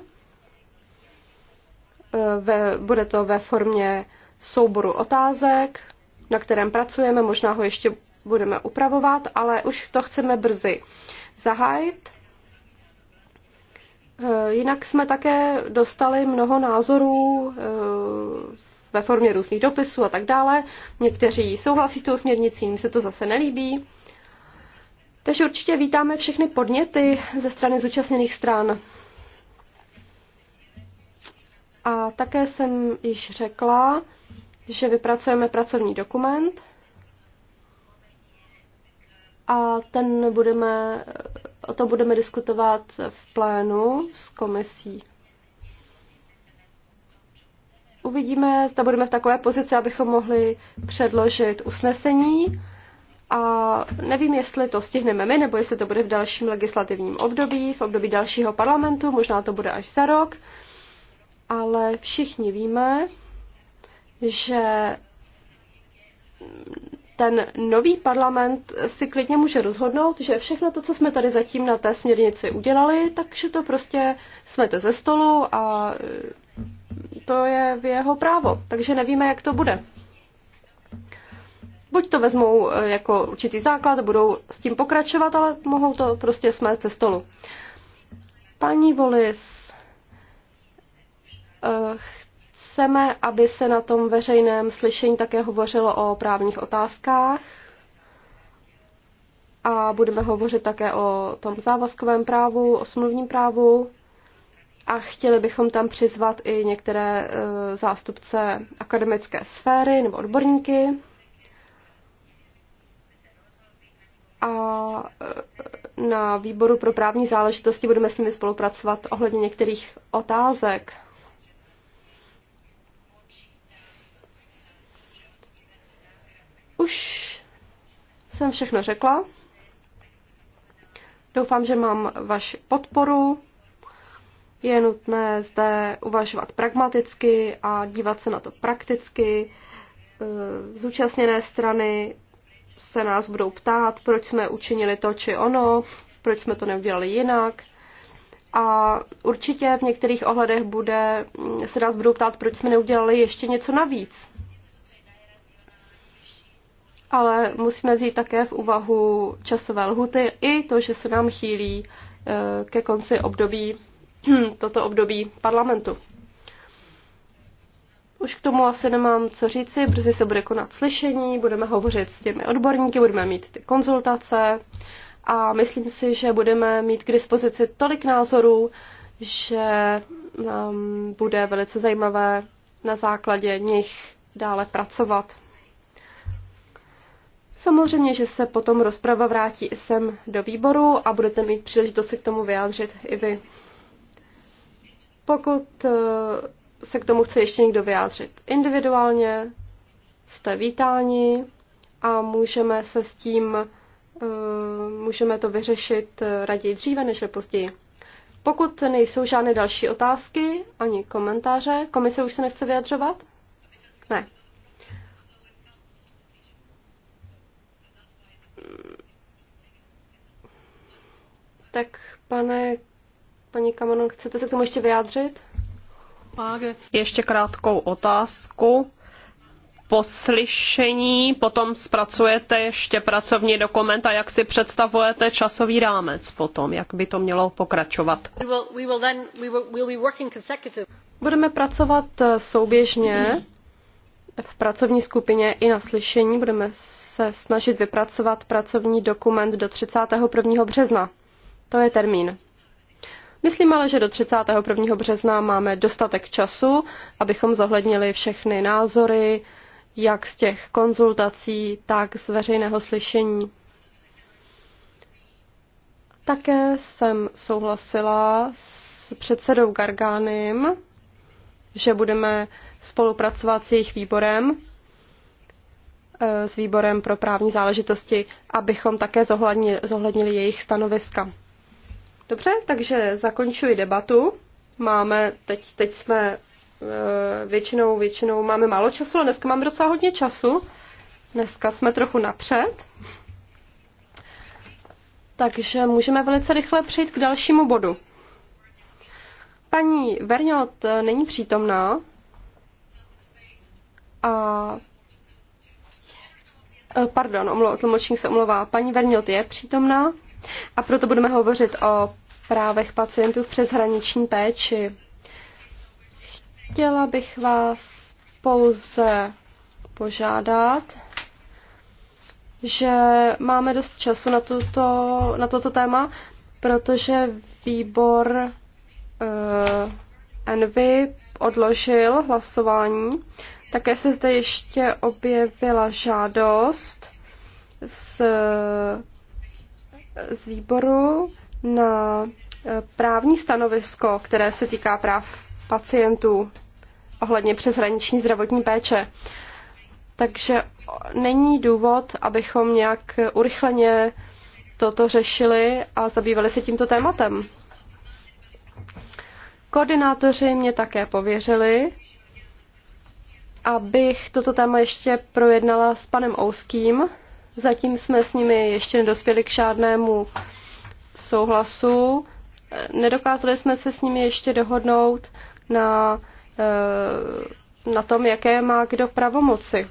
E, ve, bude to ve formě souboru otázek, na kterém pracujeme, možná ho ještě budeme upravovat, ale už to chceme brzy zahájit. Eh, jinak jsme také dostali mnoho názorů eh, ve formě různých dopisů a tak dále. Někteří souhlasí s tou směrnicí, jim se to zase nelíbí. Takže určitě vítáme všechny podněty ze strany zúčastněných stran. A také jsem již řekla, že vypracujeme pracovní dokument, a ten budeme, o tom budeme diskutovat v plénu s komisí. Uvidíme, zda budeme v takové pozici, abychom mohli předložit usnesení. A nevím, jestli to stihneme my, nebo jestli to bude v dalším legislativním období, v období dalšího parlamentu, možná to bude až za rok. Ale všichni víme, že ten nový parlament si klidně může rozhodnout, že všechno to, co jsme tady zatím na té směrnici udělali, takže to prostě smete ze stolu a e, to je v jeho právo. Takže nevíme, jak to bude. Buď to vezmou e, jako určitý základ, budou s tím pokračovat, ale mohou to prostě smést ze stolu. Paní Volis, Chceme, aby se na tom veřejném slyšení také hovořilo o právních otázkách a budeme hovořit také o tom závazkovém právu, o smluvním právu a chtěli bychom tam přizvat i některé e, zástupce akademické sféry nebo odborníky. A e, na výboru pro právní záležitosti budeme s nimi spolupracovat ohledně některých otázek. Už jsem všechno řekla. Doufám, že mám vaši podporu. Je nutné zde uvažovat pragmaticky a dívat se na to prakticky. E, zúčastněné strany se nás budou ptát, proč jsme učinili to či ono, proč jsme to neudělali jinak. A určitě v některých ohledech bude, mm, se nás budou ptát, proč jsme neudělali ještě něco navíc ale musíme vzít také v úvahu časové lhuty i to, že se nám chýlí eh, ke konci období, toto období parlamentu. Už k tomu asi nemám co říci, brzy se bude konat slyšení, budeme hovořit s těmi odborníky, budeme mít ty konzultace a myslím si, že budeme mít k dispozici tolik názorů, že nám bude velice zajímavé na základě nich dále pracovat. Samozřejmě, že se potom rozprava vrátí i sem do výboru a budete mít příležitost se k tomu vyjádřit i vy. Pokud eh, se k tomu chce ještě někdo vyjádřit individuálně, jste vítáni a můžeme se s tím, eh, můžeme to vyřešit eh, raději dříve než později. Pokud nejsou žádné další otázky ani komentáře, komise už se nechce vyjadřovat? Ne. Tak pane, paní Kamanon, chcete se k tomu ještě vyjádřit? Ještě krátkou otázku slyšení potom zpracujete ještě pracovní dokument a jak si představujete časový rámec potom, jak by to mělo pokračovat. Budeme pracovat eh, souběžně v pracovní skupině i na slyšení, budeme se snažit vypracovat pracovní dokument do 31. března. To je termín. Myslím ale, že do 31. března máme dostatek času, abychom zohlednili všechny názory, jak z těch konzultací, tak z veřejného slyšení. Také jsem souhlasila s předsedou Gargánem, že budeme spolupracovat s jejich výborem s výborem pro právní záležitosti, abychom také zohlednili, zohlednili jejich stanoviska. Dobře, takže zakončuji debatu. Máme, teď, teď jsme e, většinou, většinou máme málo času, ale dneska máme docela hodně času. Dneska jsme trochu napřed. Takže můžeme velice rychle přejít k dalšímu bodu. Paní Verňot není přítomná a Eh, pardon, omlou, tlumočník se omlouvá, paní Verňot je přítomná a proto budeme hovořit o právech pacientů v přeshraniční péči. Chtěla bych vás pouze požádat, že máme dost času na, tuto, na toto téma, protože výbor uh, Envy odložil hlasování také se zde ještě objevila žádost z, z výboru na eh, právní stanovisko, které se týká práv pacientů ohledně přeshraniční zdravotní péče. Takže není důvod, abychom nějak urychleně toto řešili a zabývali se tímto tématem. Koordinátoři mě také pověřili, abych toto téma ještě projednala s panem Ouským. Zatím jsme s nimi ještě nedospěli k žádnému souhlasu. Nedokázali jsme se s nimi ještě dohodnout na, eh, na tom, jaké má kdo pravomoci.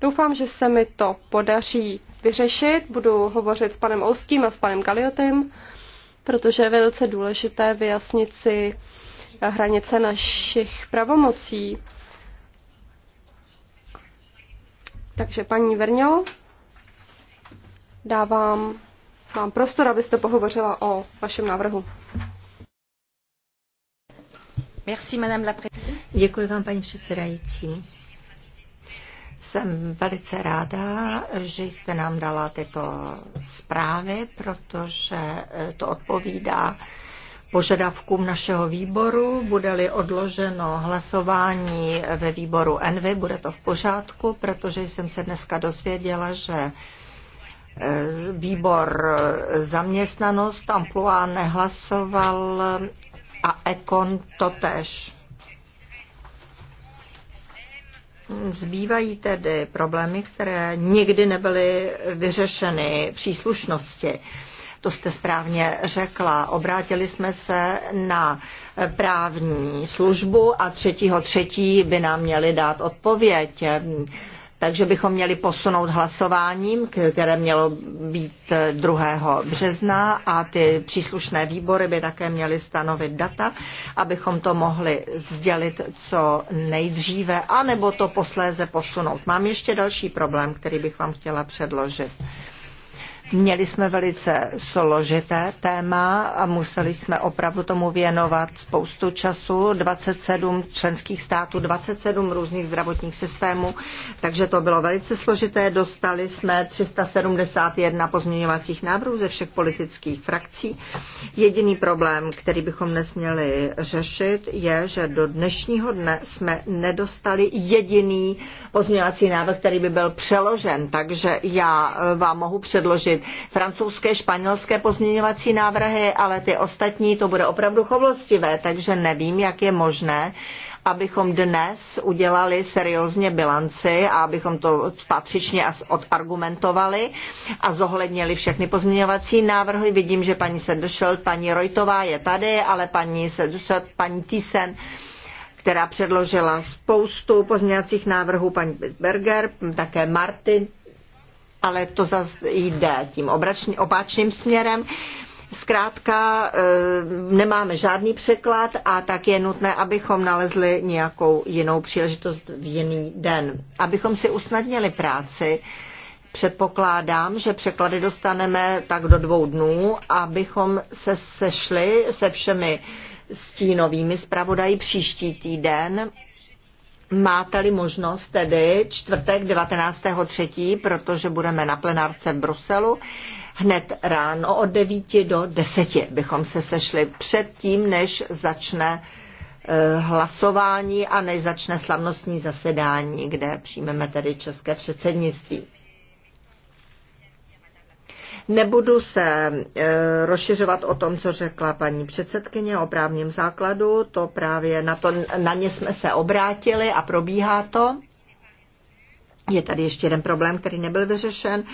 Doufám, že se mi to podaří vyřešit. Budu hovořit s panem Ouským a s panem Galiotem, protože je velice důležité vyjasnit si hranice našich pravomocí. Takže paní Verňo, dávám vám prostor, abyste pohovořila o vašem návrhu. Merci, madame la Děkuji vám, paní předsedající. Jsem velice ráda, že jste nám dala tyto zprávy, protože to odpovídá požadavkům našeho výboru. Bude-li odloženo hlasování ve výboru Envy, bude to v pořádku, protože jsem se dneska dozvěděla, že e, výbor e, zaměstnanost Amplua nehlasoval a Ekon totež. Zbývají tedy problémy, které nikdy nebyly vyřešeny příslušnosti to jste správně řekla. Obrátili jsme se na právní službu a třetího třetí by nám měli dát odpověď. Takže bychom měli posunout hlasováním, které mělo být 2. března a ty příslušné výbory by také měly stanovit data, abychom to mohli sdělit co nejdříve, anebo to posléze posunout. Mám ještě další problém, který bych vám chtěla předložit. Měli jsme velice složité téma a museli jsme opravdu tomu věnovat spoustu času. 27 členských států, 27 různých zdravotních systémů, takže to bylo velice složité. Dostali jsme 371 pozměňovacích návrhů ze všech politických frakcí. Jediný problém, který bychom dnes měli řešit, je, že do dnešního dne jsme nedostali jediný pozměňovací návrh, který by byl přeložen. Takže já vám mohu předložit francouzské, španělské pozměňovací návrhy, ale ty ostatní to bude opravdu chovlostivé, takže nevím, jak je možné, abychom dnes udělali seriózně bilanci a abychom to patřičně odargumentovali a zohlednili všechny pozměňovací návrhy. Vidím, že paní Sedršelt, paní Rojtová je tady, ale paní Sedršelt, paní Thyssen, která předložila spoustu pozměňovacích návrhů, paní Berger, také Martin, ale to zase jde tím obračný, opačným směrem. Zkrátka eh, nemáme žádný překlad a tak je nutné, abychom nalezli nějakou jinou příležitost v jiný den. Abychom si usnadnili práci, předpokládám, že překlady dostaneme tak do dvou dnů, abychom se sešli se všemi stínovými zpravodají příští týden Máte-li možnost tedy čtvrtek 19.3., protože budeme na plenárce v Bruselu, hned ráno od 9 do 10 bychom se sešli předtím, než začne eh, hlasování a než začne slavnostní zasedání, kde přijmeme tedy české předsednictví. Nebudu se e, rozšiřovat o tom, co řekla paní předsedkyně o právním základu, to právě na, to, na ně jsme se obrátili a probíhá to. Je tady ještě jeden problém, který nebyl vyřešen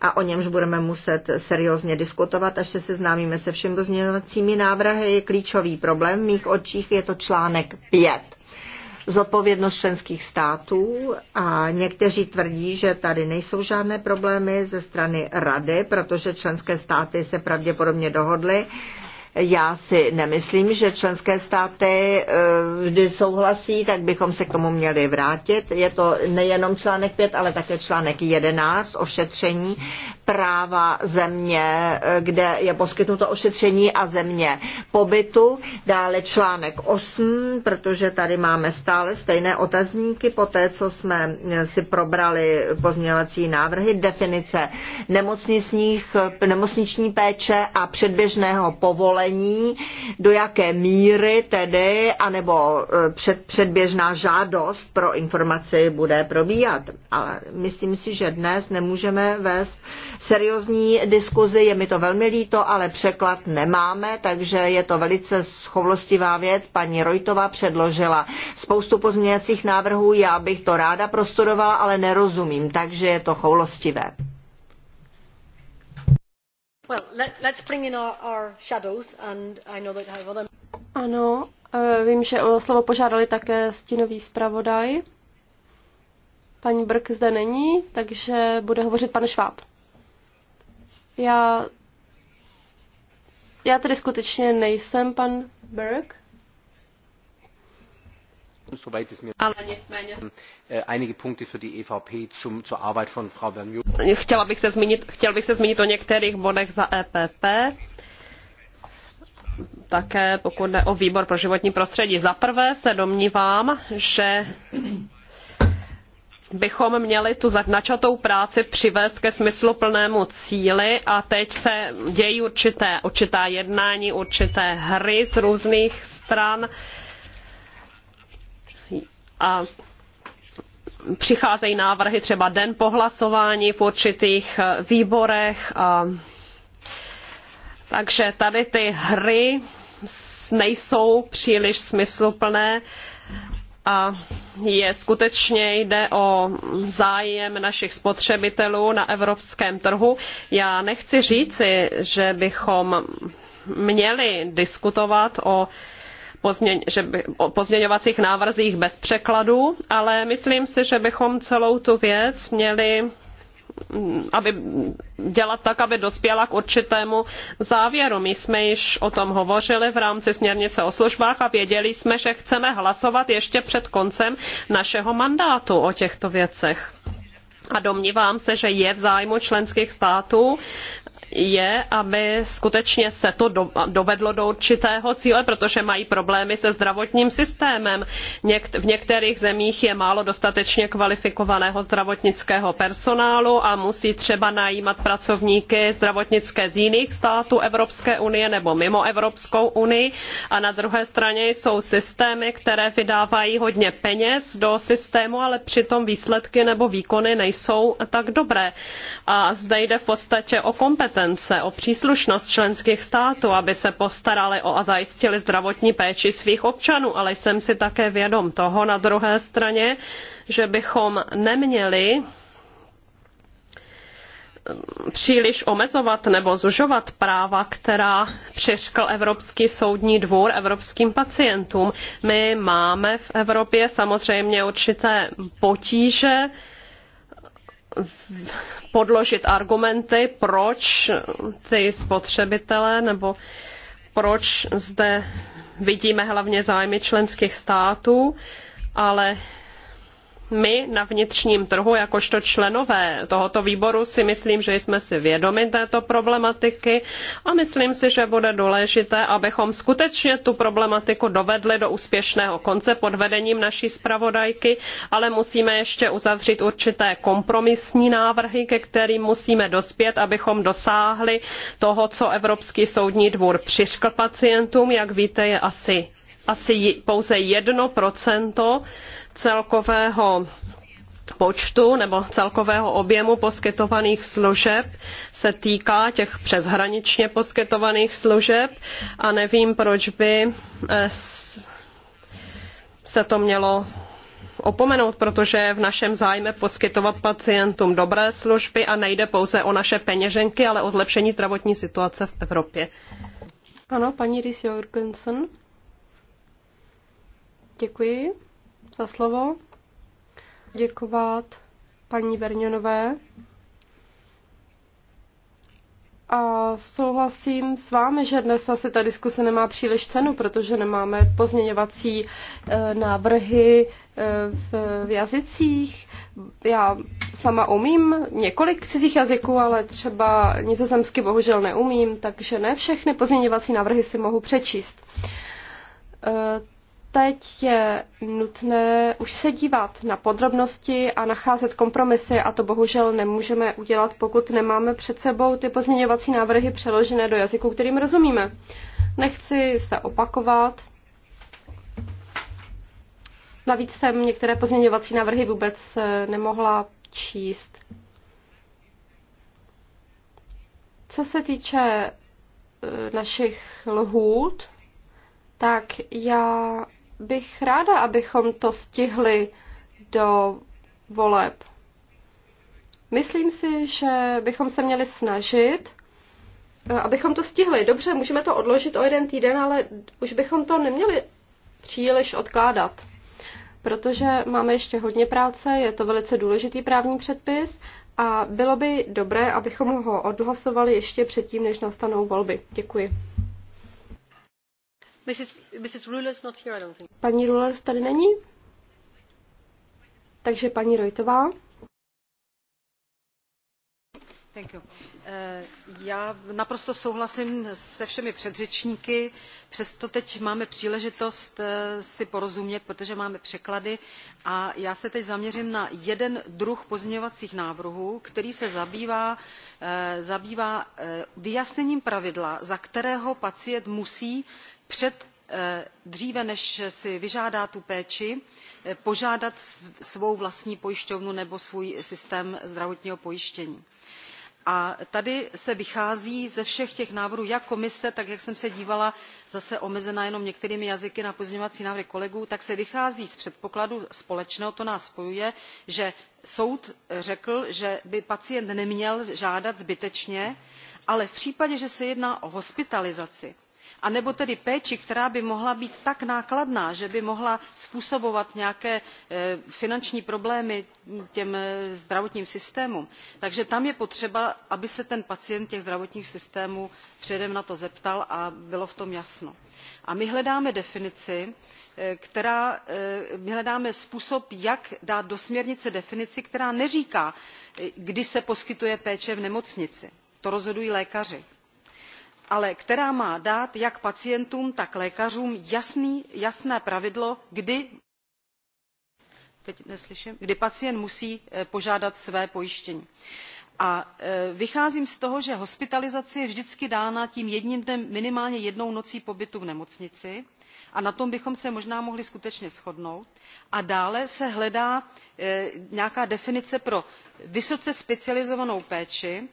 a o němž budeme muset seriózně diskutovat, až se seznámíme se všemi pozměňovacími návrhy. Klíčový problém v mých očích je to článek 5 zodpovědnost členských států a někteří tvrdí, že tady nejsou žádné problémy ze strany rady, protože členské státy se pravděpodobně dohodly, já si nemyslím, že členské státy eh, vždy souhlasí, tak bychom se k tomu měli vrátit. Je to nejenom článek 5, ale také článek 11 ošetření práva země, eh, kde je poskytnuto ošetření a země pobytu. Dále článek 8, protože tady máme stále stejné otazníky po té, co jsme eh, si probrali pozměňovací návrhy, definice nemocničních, nemocniční péče a předběžného povolení sdělení, do jaké míry tedy, anebo e, před, předběžná žádost pro informaci bude probíhat. Ale myslím si, že dnes nemůžeme vést seriózní diskuzi, je mi to velmi líto, ale překlad nemáme, takže je to velice schovlostivá věc. Paní Rojtová předložila spoustu pozměňovacích návrhů, já bych to ráda prostudovala, ale nerozumím, takže je to choulostivé. Ano, vím, že o slovo požádali také stínový zpravodaj. Paní Brk zde není, takže bude hovořit pan Šváb. Já, já tedy skutečně nejsem pan Brk, Soweit mir ähm, äh, einige Punkte für die EVP zur Arbeit von Frau Chtěla bych se zmínit, chtěl bych se zmínit o některých bodech za EPP také pokud jde o výbor pro životní prostředí. Za prvé se domnívám, že bychom měli tu načatou práci přivést ke smysluplnému cíli a teď se dějí určité, určitá jednání, určité hry z různých stran a přicházejí návrhy třeba den po hlasování v určitých eh, výborech. A... Takže tady ty hry nejsou příliš smysluplné a je skutečně jde o zájem našich spotřebitelů na evropském trhu. Já nechci říci, že bychom měli diskutovat o pozměň, že by, o pozměňovacích návrzích bez překladu, ale myslím si, že bychom celou tu věc měli mm, aby dělat tak, aby dospěla k určitému závěru. My jsme již o tom hovořili v rámci směrnice o službách a věděli jsme, že chceme hlasovat ještě před koncem našeho mandátu o těchto věcech a domnívám se, že je v zájmu členských států, je, aby skutečně se to dovedlo do určitého cíle, protože mají problémy se zdravotním systémem. V některých zemích je málo dostatečně kvalifikovaného zdravotnického personálu a musí třeba najímat pracovníky zdravotnické z jiných států Evropské unie nebo mimo Evropskou unii. A na druhé straně jsou systémy, které vydávají hodně peněz do systému, ale přitom výsledky nebo výkony nejsou tak dobré. A zde jde v podstatě o kompetence kompetence, o příslušnost členských států, aby se postarali o a zajistili zdravotní péči svých občanů, ale jsem si také vědom toho na druhé straně, že bychom neměli mm, příliš omezovat nebo zužovat práva, která přiškl Evropský soudní dvůr evropským pacientům. My máme v Evropě samozřejmě určité potíže, podložit argumenty, proč ty spotřebitelé nebo proč zde vidíme hlavně zájmy členských států, ale my na vnitřním trhu, jakožto členové tohoto výboru, si myslím, že jsme si vědomi této problematiky a myslím si, že bude důležité, abychom skutečně tu problematiku dovedli do úspěšného konce pod vedením naší zpravodajky, ale musíme ještě uzavřít určité kompromisní návrhy, ke kterým musíme dospět, abychom dosáhli toho, co Evropský soudní dvůr přiškl pacientům. Jak víte, je asi asi pouze jedno procento celkového počtu nebo celkového objemu poskytovaných služeb se týká těch přeshraničně poskytovaných služeb a nevím, proč by eh, se to mělo opomenout, protože je v našem zájmu poskytovat pacientům dobré služby a nejde pouze o naše peněženky, ale o zlepšení zdravotní situace v Evropě. Ano, paní Rhys Jorgensen. Děkuji za slovo. Děkovat paní Verňonové. A souhlasím s vámi, že dnes asi ta diskuse nemá příliš cenu, protože nemáme pozměňovací e, návrhy e, v, v jazycích. Já sama umím několik cizích jazyků, ale třeba nizozemsky bohužel neumím, takže ne všechny pozměňovací návrhy si mohu přečíst. E, teď je nutné už se dívat na podrobnosti a nacházet kompromisy a to bohužel nemůžeme udělat, pokud nemáme před sebou ty pozměňovací návrhy přeložené do jazyku, kterým rozumíme. Nechci se opakovat. Navíc jsem některé pozměňovací návrhy vůbec eh, nemohla číst. Co se týče eh, našich lhůt, tak já bych ráda, abychom to stihli do voleb. Myslím si, že bychom se měli snažit, eh, abychom to stihli. Dobře, můžeme to odložit o jeden týden, ale už bychom to neměli příliš odkládat, protože máme ještě hodně práce, je to velice důležitý právní předpis a bylo by dobré, abychom ho odhlasovali ještě předtím, než nastanou volby. Děkuji. Paní Rulers tady není? Takže paní Rojtová. Eh, já naprosto souhlasím se všemi předřečníky, přesto teď máme příležitost eh, si porozumět, protože máme překlady a já se teď zaměřím na jeden druh pozměňovacích návrhů, který se zabývá, eh, zabývá vyjasněním pravidla, za kterého pacient musí před, eh, dříve než si vyžádá tu péči eh, požádat svou vlastní pojišťovnu nebo svůj systém zdravotního pojištění a tady se vychází ze všech těch návrhů jak komise tak jak jsem se dívala zase omezena jenom některými jazyky na pozměňovací návrhy kolegů tak se vychází z předpokladu společného to nás spojuje že soud řekl že by pacient neměl žádat zbytečně ale v případě že se jedná o hospitalizaci anebo tedy péči která by mohla být tak nákladná že by mohla způsobovat nějaké eh, finanční problémy těm eh, zdravotním systémům. takže tam je potřeba aby se ten pacient těch zdravotních systémů předem na to zeptal a bylo v tom jasno. a my hledáme definici eh, která, my hledáme způsob jak dát do směrnice definici která neříká kdy se poskytuje péče v nemocnici to rozhodují lékaři ale která má dát jak pacientům tak lékařům jasné pravidlo kdy kdy pacient musí eh, požádat své pojištění. A eh, vycházím z toho, že hospitalizace je vždycky dána tím jedním dnem, minimálně jednou nocí pobytu v nemocnici a na tom bychom se možná mohli skutečně shodnout. A dále se hledá eh, nějaká definice pro vysoce specializovanou péči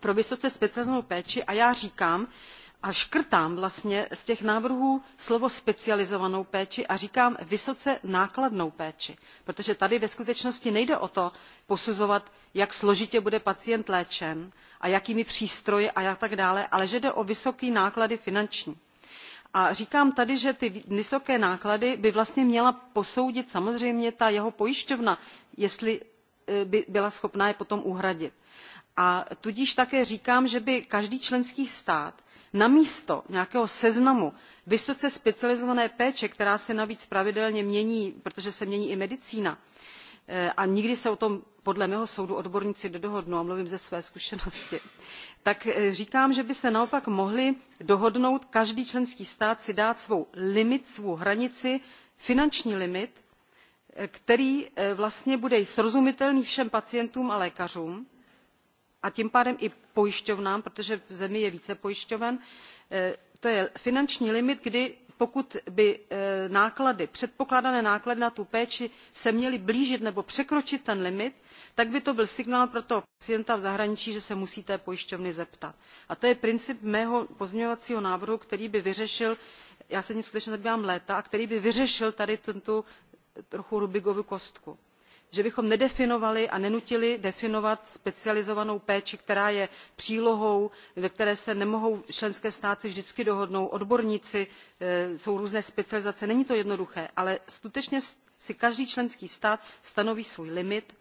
pro vysoce specializovanou péči a já říkám a škrtám vlastně z těch návrhů slovo specializovanou péči a říkám vysoce nákladnou péči protože tady ve skutečnosti nejde o to posuzovat jak složitě bude pacient léčen a jakými přístroji a tak dále ale že jde o vysoké náklady finanční a říkám tady že ty vysoké náklady by vlastně měla posoudit samozřejmě ta jeho pojišťovna jestli E, by byla schopna je potom uhradit. A tudíž také říkám, že by každý členský stát namísto nějakého seznamu vysoce specializované péče, která se navíc pravidelně mění, protože se mění i medicína, e, a nikdy se o tom podle mého soudu odborníci nedohodnou a mluvím ze své zkušenosti tak e, říkám že by se naopak mohli dohodnout každý členský stát si dát svůj limit svou hranici finanční limit který eh, vlastně bude srozumitelný všem pacientům a lékařům a tím pádem i pojišťovnám protože v zemi je více pojišťoven eh, to je finanční limit kdy pokud by eh, náklady, předpokládané náklady na tu péči se měly blížit nebo překročit ten limit tak by to byl signál pro toho pacienta v zahraničí že se musí té pojišťovny zeptat. a to je princip mého pozměňovacího návrhu který by vyřešil já se tím skutečně zabývám léta a který by vyřešil tady tuto trochu rubikovu kostku že bychom nedefinovali a nenutili definovat specializovanou péči která je přílohou ve které se nemohou členské státy vždycky dohodnout odborníci eh, jsou různé specializace není to jednoduché ale skutečně si každý členský stát stanoví svůj limit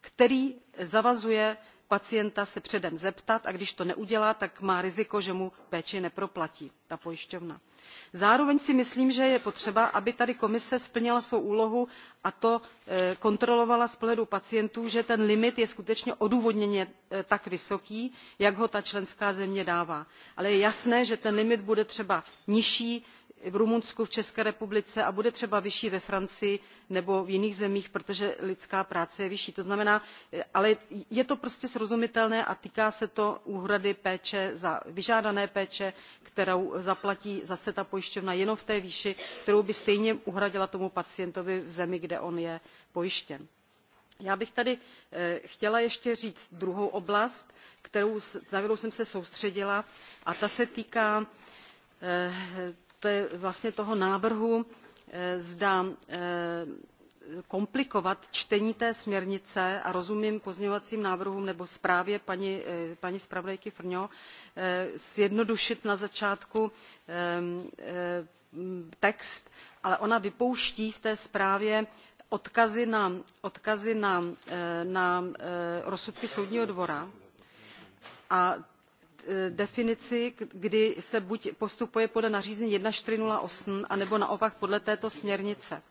který zavazuje pacienta se předem zeptat a když to neudělá tak má riziko že mu péči neproplatí ta pojišťovna. zároveň si myslím že je potřeba aby tady komise splnila svou úlohu a to eh, kontrolovala z pohledu pacientů že ten limit je skutečně odůvodněně eh, tak vysoký jak ho ta členská země dává ale je jasné že ten limit bude třeba nižší v rumunsku v české republice a bude třeba vyšší ve francii nebo v jiných zemích protože lidská práce je vyšší. to znamená ale je to prostě srozumitelné a týká se to úhrady péče za vyžádané péče kterou zaplatí zase ta pojišťovna jenom v té výši kterou by stejně uhradila tomu pacientovi v zemi kde on je pojištěn já bych tady eh, chtěla ještě říct druhou oblast kterou, na kterou jsem se soustředila a ta se týká eh, vlastně toho návrhu eh, zda eh, komplikovat čtení té směrnice a rozumím pozměňovacím návrhům nebo zprávě paní, eh, paní zpravodajky frňové zjednodušit na začátku text ale ona vypouští v té zprávě odkazy na, na rozsudky soudního dvora a Eh, definici kdy se buď postupuje podle nařízení one thousand four hundred and eight anebo naopak podle této směrnice.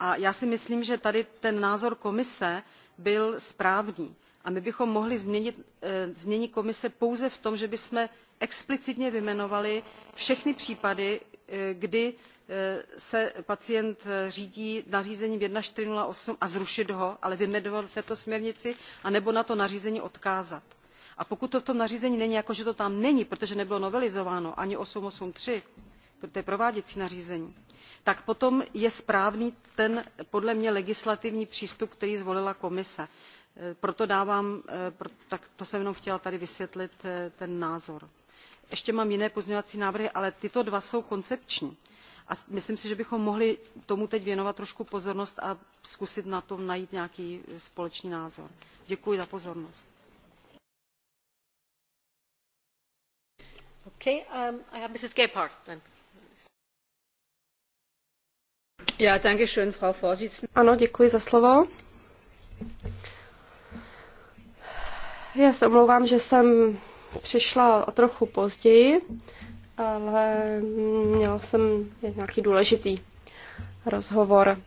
a já si myslím že tady ten názor komise byl správný a my bychom mohli změnit eh, znění komise pouze v tom že bychom explicitně vyjmenovali všechny případy eh, kdy se pacient řídí nařízením one thousand four hundred and eight a zrušit ho ale vyjmenovat v této směrnici anebo na to nařízení odkázat a pokud to v tom nařízení není jako že to tam není protože nebylo novelizováno ani eight hundred and eighty three to je prováděcí nařízení tak potom je správný ten podle mě legislativní přístup který zvolila komise. E, proto dávám, e, tak to jsem jenom chtěla tady vysvětlit e, ten názor. ještě mám jiné pozměňovací návrhy ale tyto dva jsou koncepční a myslím si že bychom mohli tomu teď věnovat trošku pozornost a zkusit na tom najít nějaký společný názor. děkuji za pozornost. Okay, um, I have Mrs. Gebhardt then. Ja, danke schön, Frau Vorsitzende. Ano, děkuji za slovo. Já se omlouvám, že jsem přišla o trochu později, ale měla jsem nějaký důležitý rozhovor.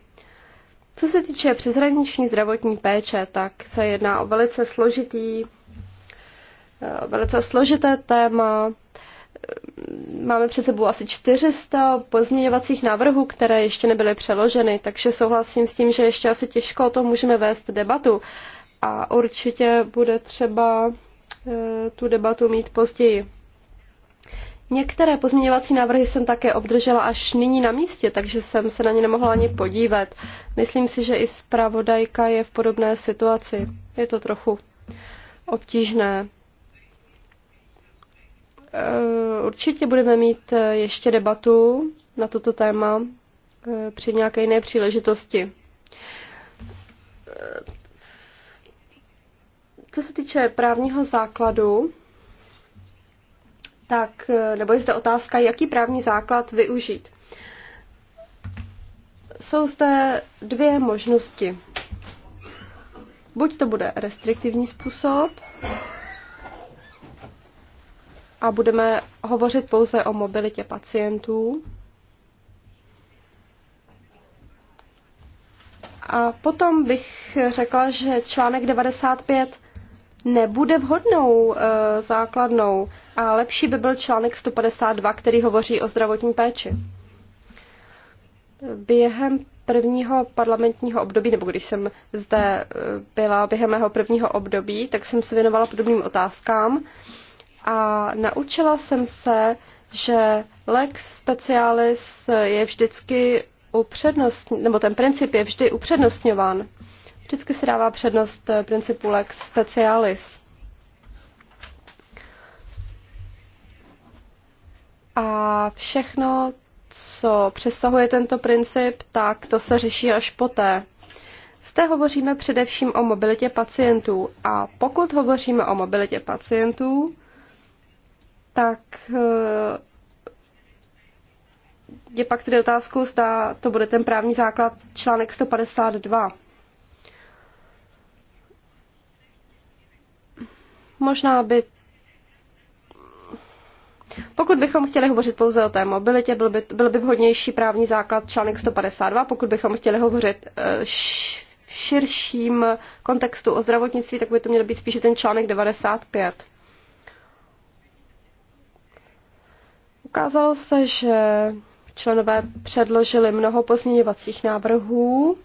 Co se týče přeshraniční zdravotní péče, tak se jedná o velice složitý, eh, velice složité téma, Máme před sebou asi 400 pozměňovacích návrhů, které ještě nebyly přeloženy, takže souhlasím s tím, že ještě asi těžko o tom můžeme vést debatu. A určitě bude třeba eh, tu debatu mít později. Některé pozměňovací návrhy jsem také obdržela až nyní na místě, takže jsem se na ně nemohla ani podívat. Myslím si, že i zpravodajka je v podobné situaci. Je to trochu obtížné. Eh, určitě budeme mít eh, ještě debatu na toto téma eh, při nějaké jiné příležitosti. Co se týče právního základu, tak, nebo je zde otázka, jaký právní základ využít. Jsou zde dvě možnosti. Buď to bude restriktivní způsob, a budeme hovořit pouze o mobilitě pacientů. A potom bych řekla, že článek 95 nebude vhodnou e, základnou a lepší by byl článek 152, který hovoří o zdravotní péči. Během prvního parlamentního období, nebo když jsem zde e, byla během mého prvního období, tak jsem se věnovala podobným otázkám. E, a naučila jsem se, že lex specialis je vždycky upřednostňován, nebo ten princip je vždy upřednostňován. Vždycky se dává přednost eh, principu lex specialis. A všechno, co přesahuje tento princip, tak to se řeší až poté. Zde hovoříme především o mobilitě pacientů a pokud hovoříme o mobilitě pacientů, tak eh, je pak tedy otázkou, zda to bude ten právní základ článek 152. Možná by pokud bychom chtěli hovořit pouze o té mobilitě, byl by, byl by vhodnější právní základ článek 152. Pokud bychom chtěli hovořit eh, v širším kontextu o zdravotnictví, tak by to měl být spíše ten článek 95. Ukázalo se, že členové předložili mnoho pozměňovacích návrhů.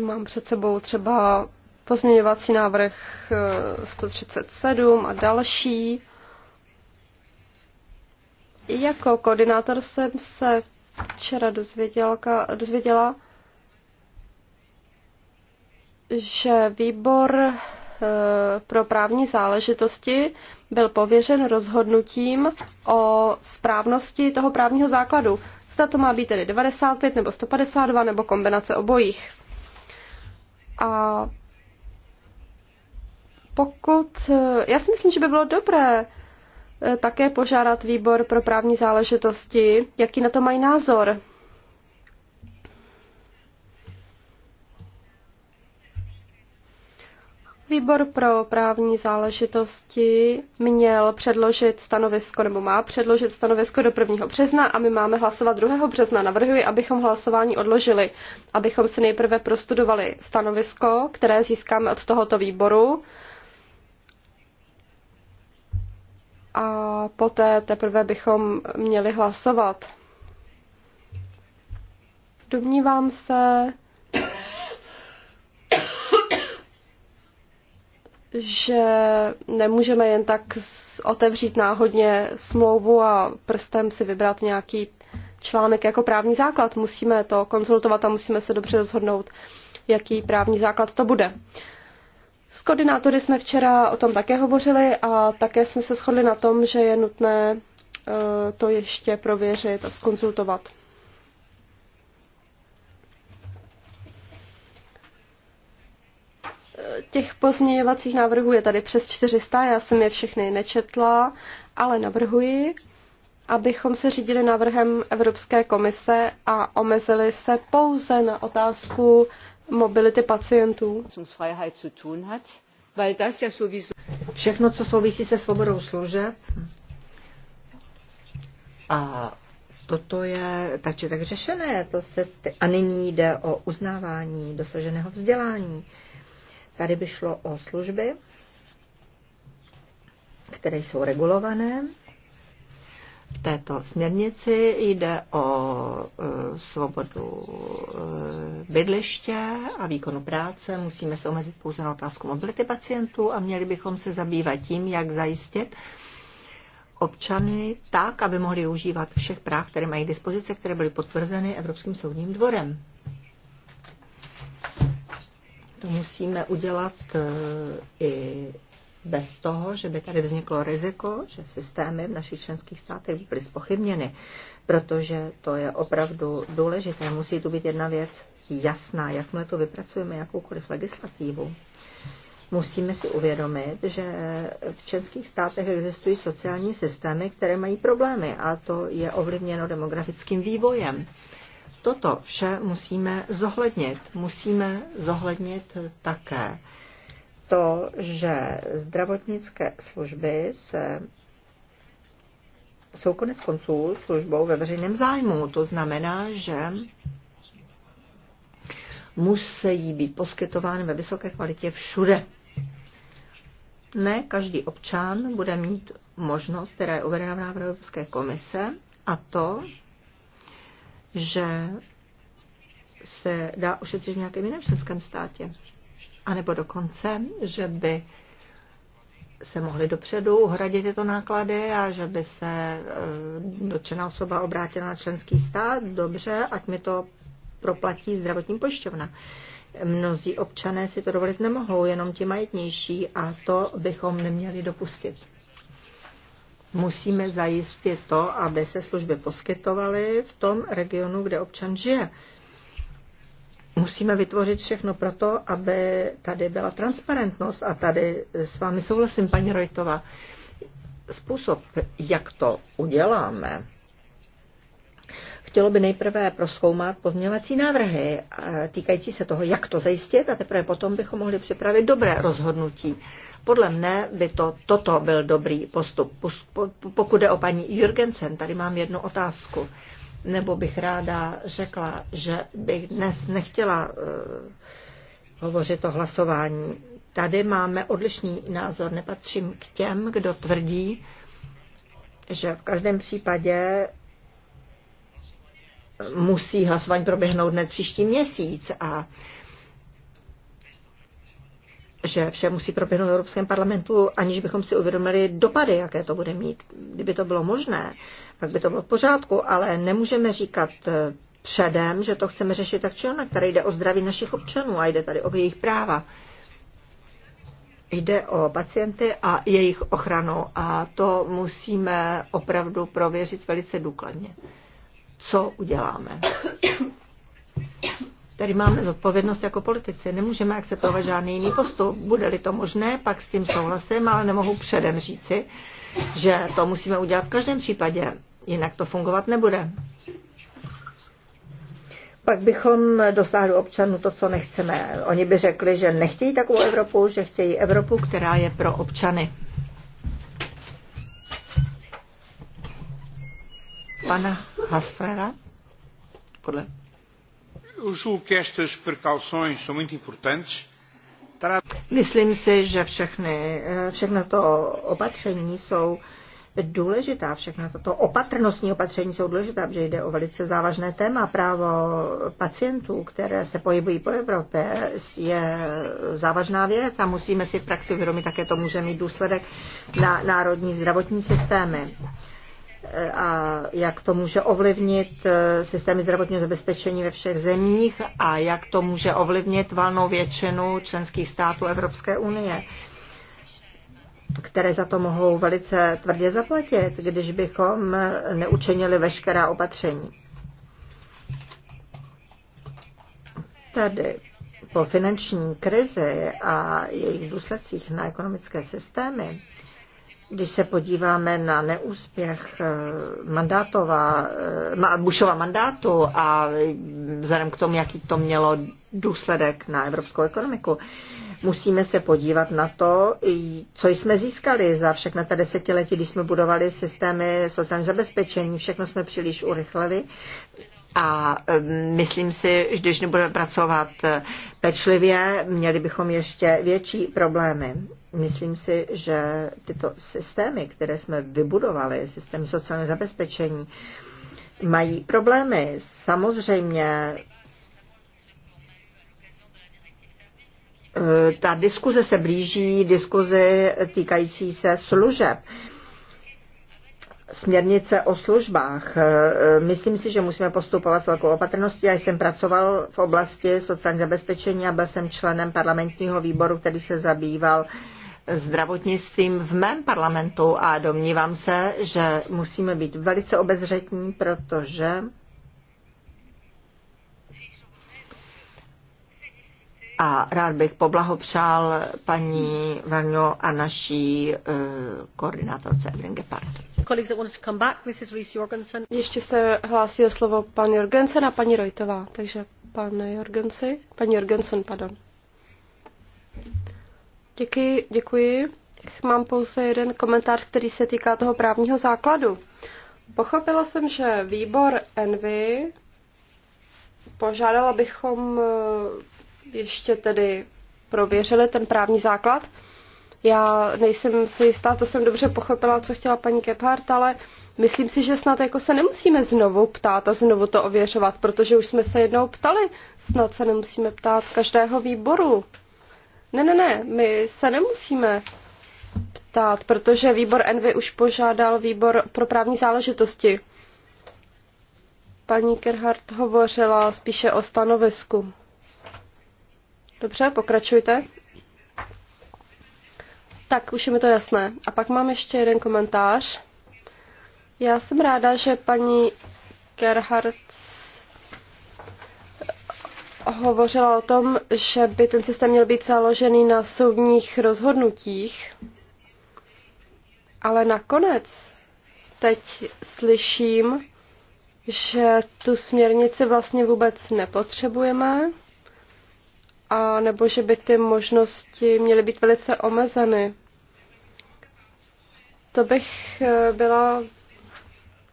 Mám před sebou třeba pozměňovací návrh 137 eh, a další. Jako koordinátor jsem se včera dozvěděla, dozvěděla že výbor Eh, pro právní záležitosti byl pověřen rozhodnutím o správnosti toho právního základu. Zda to má být tedy 95 nebo 152 nebo kombinace obojích. A pokud, eh, já si myslím, že by bylo dobré eh, také požádat výbor pro právní záležitosti, jaký na to mají názor, Výbor pro právní záležitosti měl předložit stanovisko, nebo má předložit stanovisko do 1. března a my máme hlasovat 2. března. Navrhuji, abychom hlasování odložili, abychom si nejprve prostudovali stanovisko, které získáme od tohoto výboru. A poté teprve bychom měli hlasovat. Domnívám se, že nemůžeme jen tak otevřít náhodně smlouvu a prstem si vybrat nějaký článek jako právní základ. Musíme to konzultovat a musíme se dobře rozhodnout, jaký právní základ to bude. S koordinátory jsme včera o tom také hovořili a také jsme se shodli na tom, že je nutné eh, to ještě prověřit a skonzultovat. těch pozměňovacích návrhů je tady přes 400, já jsem je všechny nečetla, ale navrhuji, abychom se řídili návrhem Evropské komise a omezili se pouze na otázku mobility pacientů. Všechno, co souvisí se svobodou služeb, a toto je tak či tak řešené. To se, a nyní jde o uznávání dosaženého vzdělání. Tady by šlo o služby, které jsou regulované. V této směrnici jde o e, svobodu e, bydliště a výkonu práce. Musíme se omezit pouze na otázku mobility pacientů a měli bychom se zabývat tím, jak zajistit občany tak, aby mohli užívat všech práv, které mají dispozice, které byly potvrzeny Evropským soudním dvorem. To musíme udělat eh, i bez toho, že by tady vzniklo riziko, že systémy v našich členských státech by byly spochybněny, protože to je opravdu důležité. Musí tu být jedna věc jasná, jakmile to vypracujeme jakoukoliv legislativu. Musíme si uvědomit, že v českých státech existují sociální systémy, které mají problémy a to je ovlivněno demografickým vývojem. Toto vše musíme zohlednit. Musíme zohlednit také to, že zdravotnické služby se jsou konec konců službou ve veřejném zájmu. To znamená, že musí být poskytovány ve vysoké kvalitě všude. Ne každý občan bude mít možnost, která je uvedena v návrhu Evropské komise, a to že se dá ušetřit v nějakém jiném členském státě. A nebo dokonce, že by se mohly dopředu uhradit tyto náklady a že by se eh, dotčená osoba obrátila na členský stát, dobře, ať mi to proplatí zdravotní pojišťovna. Mnozí občané si to dovolit nemohou, jenom ti majetnější a to bychom neměli dopustit musíme zajistit to, aby se služby poskytovaly v tom regionu, kde občan žije. Musíme vytvořit všechno pro to, aby tady byla transparentnost a tady s vámi souhlasím, paní Rojtová. Způsob, jak to uděláme, chtělo by nejprve proskoumat pozměňovací návrhy eh, týkající se toho, jak to zajistit a teprve potom bychom mohli připravit dobré rozhodnutí. Podle mne by to, toto byl dobrý postup. Pokud jde o paní Jurgensen, tady mám jednu otázku. Nebo bych ráda řekla, že bych dnes nechtěla uh, hovořit o hlasování. Tady máme odlišný názor. Nepatřím k těm, kdo tvrdí, že v každém případě musí hlasování proběhnout hned příští měsíc a uh, že vše musí proběhnout v Evropském parlamentu, aniž bychom si uvědomili dopady, jaké to bude mít. Kdyby to bylo možné, tak by to bylo v pořádku, ale nemůžeme říkat eh, předem, že to chceme řešit tak či onak. Tady jde o zdraví našich občanů a jde tady o jejich práva. Jde o pacienty a jejich ochranu a to musíme opravdu prověřit velice důkladně. Co uděláme? Tady máme zodpovědnost jako politici. Nemůžeme akceptovat žádný jiný postup. Bude-li to možné, pak s tím souhlasím, ale nemohu předem říci, že to musíme udělat v každém případě. Jinak to fungovat nebude. Pak bychom dosáhli občanů to, co nechceme. Oni by řekli, že nechtějí takovou Evropu, že chtějí Evropu, která je pro občany. Pana Hasfrera? Podle Myslím si, že všechny, eh, všechno to opatření jsou důležitá, všechno toto opatrnostní opatření jsou důležitá, protože jde o velice závažné téma. Právo pacientů, které se pohybují po Evropě, je závažná věc a musíme si v praxi vědomit, také to může mít důsledek na národní zdravotní systémy a jak to může ovlivnit eh, systémy zdravotního zabezpečení ve všech zemích a jak to může ovlivnit valnou většinu členských států Evropské unie které za to mohou velice tvrdě zaplatit, když bychom neučinili veškerá opatření. Tady po finanční krizi a jejich důsledcích na ekonomické systémy když se podíváme na neúspěch eh, mandátová, eh, Bushova mandátu a vzhledem k tomu, jaký to mělo důsledek na evropskou ekonomiku, musíme se podívat na to, co jsme získali za všechna ta desetiletí, když jsme budovali systémy sociální zabezpečení, všechno jsme příliš urychlili a myslím si, že když nebudeme pracovat eh, pečlivě, měli bychom ještě větší problémy. Myslím si, že tyto systémy, které jsme vybudovali, systém sociálního zabezpečení, mají problémy. Samozřejmě eh, ta diskuze se blíží diskuze týkající se služeb směrnice o službách. Eh, eh, myslím si, že musíme postupovat s velkou opatrností. Já jsem pracoval v oblasti sociální zabezpečení a byl jsem členem parlamentního výboru, který se zabýval zdravotnictvím v mém parlamentu a domnívám se, že musíme být velice obezřetní, protože a rád bych poblahopřál paní Varňo a naší uh, koordinátorce Evelyn Gepard. Ještě se hlásí o slovo pan Jorgensen a paní Rojtová, takže pane Jorgensi, paní Jorgensen, pardon. Děkuji, děkuji. Mám pouze jeden komentář, který se týká toho právního základu. Pochopila jsem, že výbor Envy požádal, abychom eh, ještě tedy prověřili ten právní základ. Já nejsem si jistá, to jsem dobře pochopila, co chtěla paní Kephart, ale myslím si, že snad jako se nemusíme znovu ptát a znovu to ověřovat, protože už jsme se jednou ptali. Snad se nemusíme ptát každého výboru. Ne, ne, ne, my se nemusíme ptát, protože výbor Envy už požádal výbor pro právní záležitosti. Paní Kerhardt hovořila spíše o stanovisku. Dobře, pokračujte. Tak, už je mi to jasné. A pak mám ještě jeden komentář. Já jsem ráda, že paní Gerhardt hovořila o tom, že by ten systém měl být založený na soudních rozhodnutích, ale nakonec teď slyším, že tu směrnici vlastně vůbec nepotřebujeme, a nebo že by ty možnosti měly být velice omezeny to bych eh, byla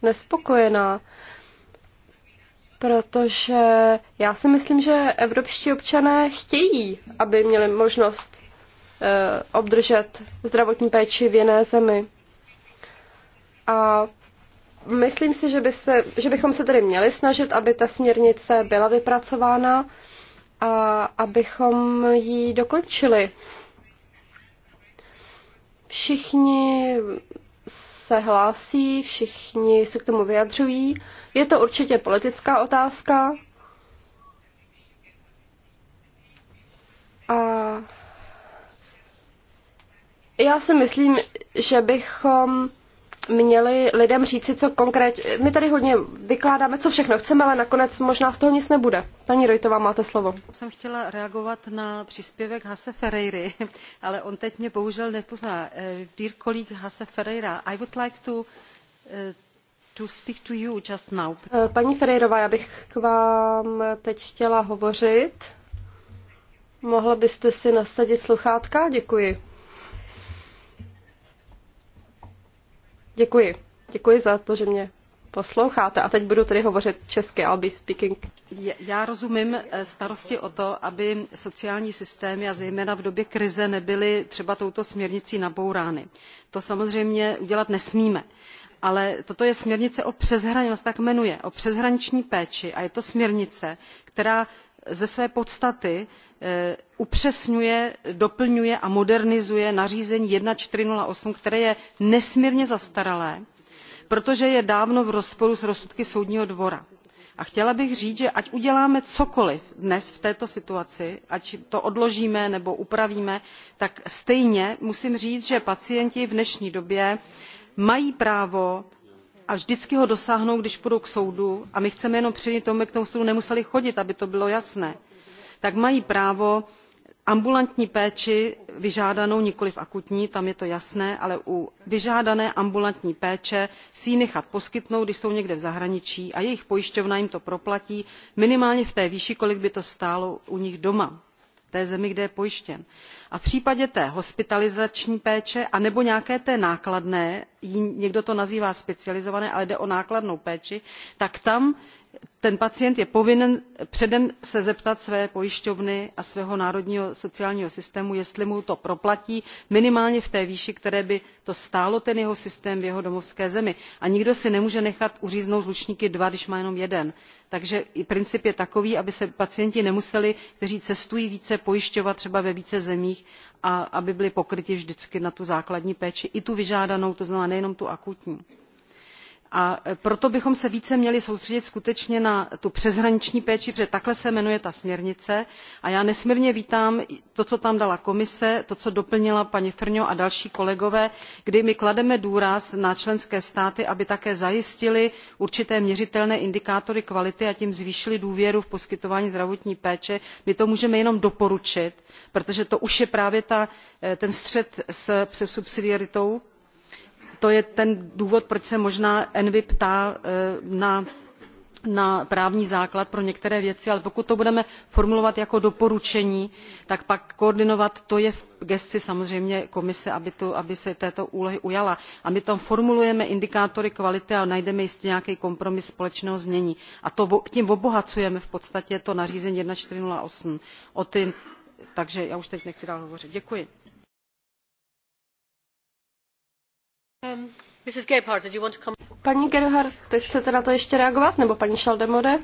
nespokojená, protože já si myslím, že evropští občané chtějí, aby měli možnost eh, obdržet zdravotní péči v jiné zemi. A myslím si, že, by se, že bychom se tedy měli snažit, aby ta směrnice byla vypracována a abychom ji dokončili Všichni se hlásí, všichni se k tomu vyjadřují. Je to určitě politická otázka. A já si myslím, že bychom měli lidem říci, co konkrétně. My tady hodně vykládáme, co všechno chceme, ale nakonec možná z toho nic nebude. Paní Rojtová, máte slovo. Jsem chtěla reagovat na příspěvek Hase Ferreiry, ale on teď mě bohužel nepozná. Eh, dear colleague Hase Ferreira, I would like to eh, To speak to you just now. Eh, paní Ferreirová, já bych k vám teď chtěla hovořit. Mohla byste si nasadit sluchátka? Děkuji. Děkuji. Děkuji za to, že mě posloucháte. A teď budu tady hovořit česky, I'll be speaking. Já rozumím eh, starosti o to, aby sociální systémy a zejména v době krize nebyly třeba touto směrnicí nabourány. To samozřejmě udělat nesmíme ale toto je směrnice o přeshraničí, tak jmenuje o přeshraniční péči a je to směrnice která ze své podstaty eh, upřesňuje doplňuje a modernizuje nařízení one thousand four hundred and eight které je nesmírně zastaralé protože je dávno v rozporu s rozsudky soudního dvora. a chtěla bych říct že ať uděláme cokoliv dnes v této situaci ať to odložíme nebo upravíme tak stejně musím říct že pacienti v dnešní době mají právo a vždycky ho dosáhnou když půjdou k soudu a my chceme jenom předejít tomu aby k tomu soudu nemuseli chodit aby to bylo jasné tak mají právo ambulantní péči vyžádanou nikoliv akutní tam je to jasné ale u vyžádané ambulantní péče si ji nechat poskytnout když jsou někde v zahraničí a jejich pojišťovna jim to proplatí minimálně v té výši kolik by to stálo u nich doma té zemi kde je pojištěn a v případě té hospitalizační péče anebo nějaké té nákladné někdo to nazývá specializované ale jde o nákladnou péči tak tam ten pacient je povinen předem se zeptat své pojišťovny a svého národního sociálního systému jestli mu to proplatí minimálně v té výši které by to stálo ten jeho systém v jeho domovské zemi a nikdo si nemůže nechat uříznout z lučníky dva když má jenom jeden. takže princip je takový aby se pacienti nemuseli kteří cestují více pojišťovat třeba ve více zemích a aby byli pokryti vždycky na tu základní péči i tu vyžádanou to znamená nejenom tu akutní a e, proto bychom se více měli soustředit skutečně na tu přeshraniční péči protože takhle se jmenuje ta směrnice a já nesmírně vítám to co tam dala komise to co doplnila paní frňová a další kolegové kdy my klademe důraz na členské státy aby také zajistily určité měřitelné indikátory kvality a tím zvýšily důvěru v poskytování zdravotní péče. my to můžeme jenom doporučit protože to už je právě e, ten střet se subsidiaritou to je ten důvod proč se možná envi ptá eh, na právní základ pro některé věci ale pokud to budeme formulovat jako doporučení tak pak koordinovat to je v gesci samozřejmě komise aby, se této úlohy ujala a my tam formulujeme indikátory kvality a najdeme jistě nějaký kompromis společného znění a tím obohacujeme v podstatě to nařízení one thousand four hundred and eight takže já už teď nechci dál hovořit. děkuji. Um, Gebhardt, to Paní Gerhardt, chcete na to ještě reagovat, nebo paní Šaldemode?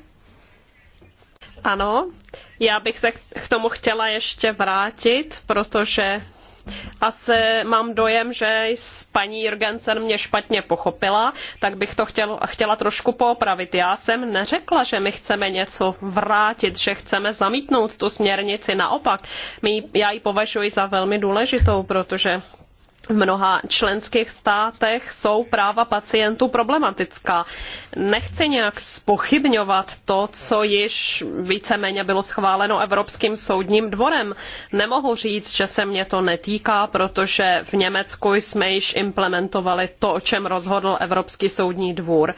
Ano, já bych se k tomu chtěla ještě vrátit, protože asi mám dojem, že paní Jurgensen mě špatně pochopila, tak bych to chtěl, chtěla trošku poopravit. Já jsem neřekla, že my chceme něco vrátit, že chceme zamítnout tu směrnici. Naopak, my, já ji považuji za velmi důležitou, protože v mnoha členských státech jsou práva pacientů problematická. Nechci nějak spochybňovat to, co již víceméně bylo schváleno Evropským soudním dvorem. Nemohu říct, že se mě to netýká, protože v Německu jsme již implementovali to, o čem rozhodl Evropský soudní dvůr.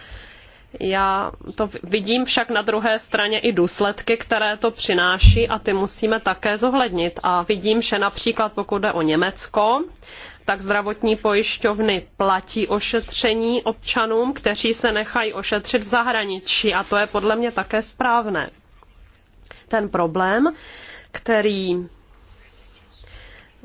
Já to vidím však na druhé straně i důsledky, které to přináší a ty musíme také zohlednit. A vidím, že například pokud jde o Německo, tak zdravotní pojišťovny platí ošetření občanům, kteří se nechají ošetřit v zahraničí a to je podle mě také správné. Ten problém, který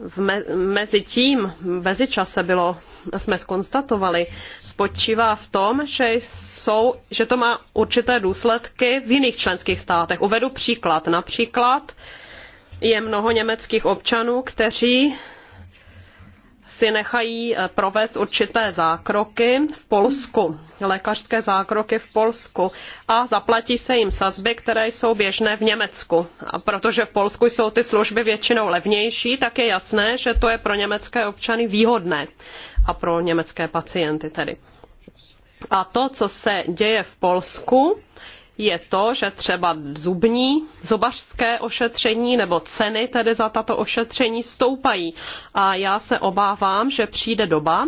v me, mezi tím, mezi čase bylo, jsme skonstatovali, spočívá v tom, že, jsou, že to má určité důsledky v jiných členských státech. Uvedu příklad. Například je mnoho německých občanů, kteří si nechají eh, provést určité zákroky v Polsku, lékařské zákroky v Polsku a zaplatí se jim sazby, které jsou běžné v Německu. A protože v Polsku jsou ty služby většinou levnější, tak je jasné, že to je pro německé občany výhodné a pro německé pacienty tedy. A to, co se děje v Polsku, je to, že třeba zubní, zobařské ošetření nebo ceny tedy za tato ošetření stoupají. A já se obávám, že přijde doba,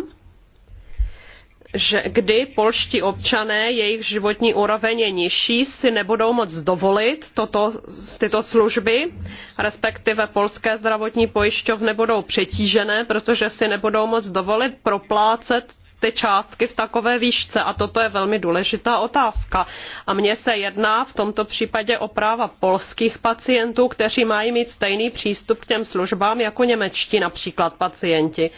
že kdy polští občané, jejich životní úroveň je nižší, si nebudou moc dovolit toto, tyto služby, respektive polské zdravotní pojišťovny budou přetížené, protože si nebudou moc dovolit proplácet ty částky v takové výšce? A toto je velmi důležitá otázka. A mně se jedná v tomto případě o práva polských pacientů, kteří mají mít stejný přístup k těm službám jako němečtí například pacienti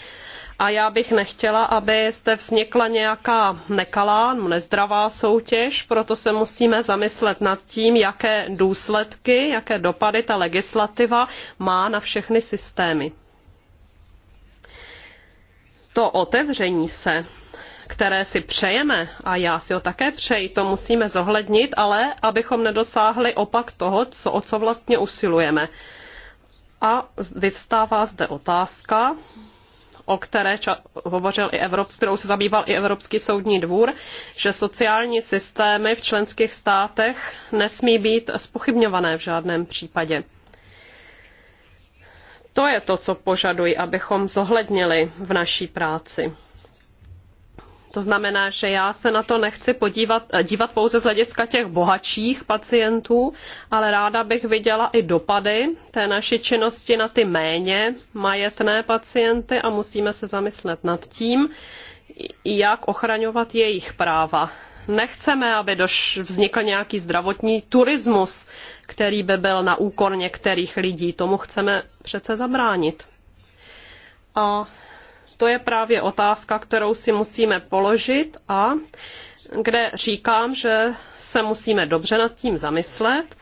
a já bych nechtěla, aby zde vznikla nějaká nekalá, no, nezdravá soutěž, proto se musíme zamyslet nad tím, jaké důsledky, jaké dopady ta legislativa má na všechny systémy to otevření se které si přejeme, a já si ho také přeji, to musíme zohlednit, ale abychom nedosáhli opak toho, co, o co vlastně usilujeme. A vyvstává zde otázka, o které ča- hovořil i Evropský, kterou se zabýval i Evropský soudní dvůr, že sociální systémy v členských státech nesmí být spochybňované v žádném případě. To je to, co požaduji, abychom zohlednili v naší práci. To znamená, že já se na to nechci podívat, eh, dívat pouze z hlediska těch bohatších pacientů, ale ráda bych viděla i dopady té naší činnosti na ty méně majetné pacienty a musíme se zamyslet nad tím, jak ochraňovat jejich práva. Nechceme, aby vznikl nějaký zdravotní turismus, který by byl na úkor některých lidí. Tomu chceme přece zabránit. A to je právě otázka, kterou si musíme položit a kde říkám, že se musíme dobře nad tím zamyslet,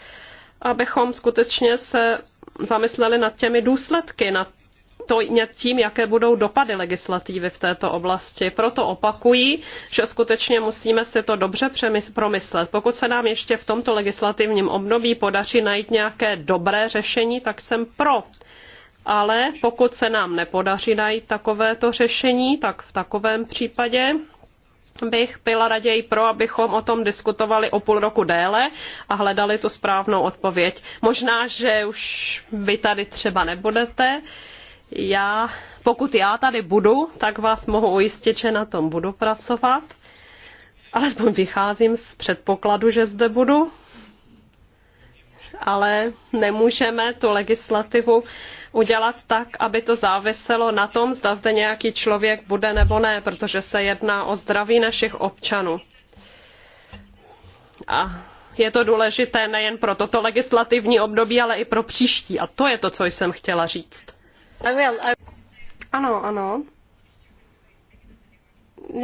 abychom skutečně se zamysleli nad těmi důsledky, nad to, tím, jaké budou dopady legislativy v této oblasti. Proto opakují, že skutečně musíme si to dobře promyslet. Pokud se nám ještě v tomto legislativním období podaří najít nějaké dobré řešení, tak jsem pro. Ale pokud se nám nepodaří najít takovéto řešení, tak v takovém případě bych byla raději pro, abychom o tom diskutovali o půl roku déle a hledali tu správnou odpověď. Možná, že už vy tady třeba nebudete, já, pokud já tady budu, tak vás mohu ujistit, že na tom budu pracovat. Alespoň vycházím z předpokladu, že zde budu. Ale nemůžeme tu legislativu udělat tak, aby to záviselo na tom, zda zde nějaký člověk bude nebo ne, protože se jedná o zdraví našich občanů. A je to důležité nejen pro toto legislativní období, ale i pro příští. A to je to, co jsem chtěla říct. Ano, ano.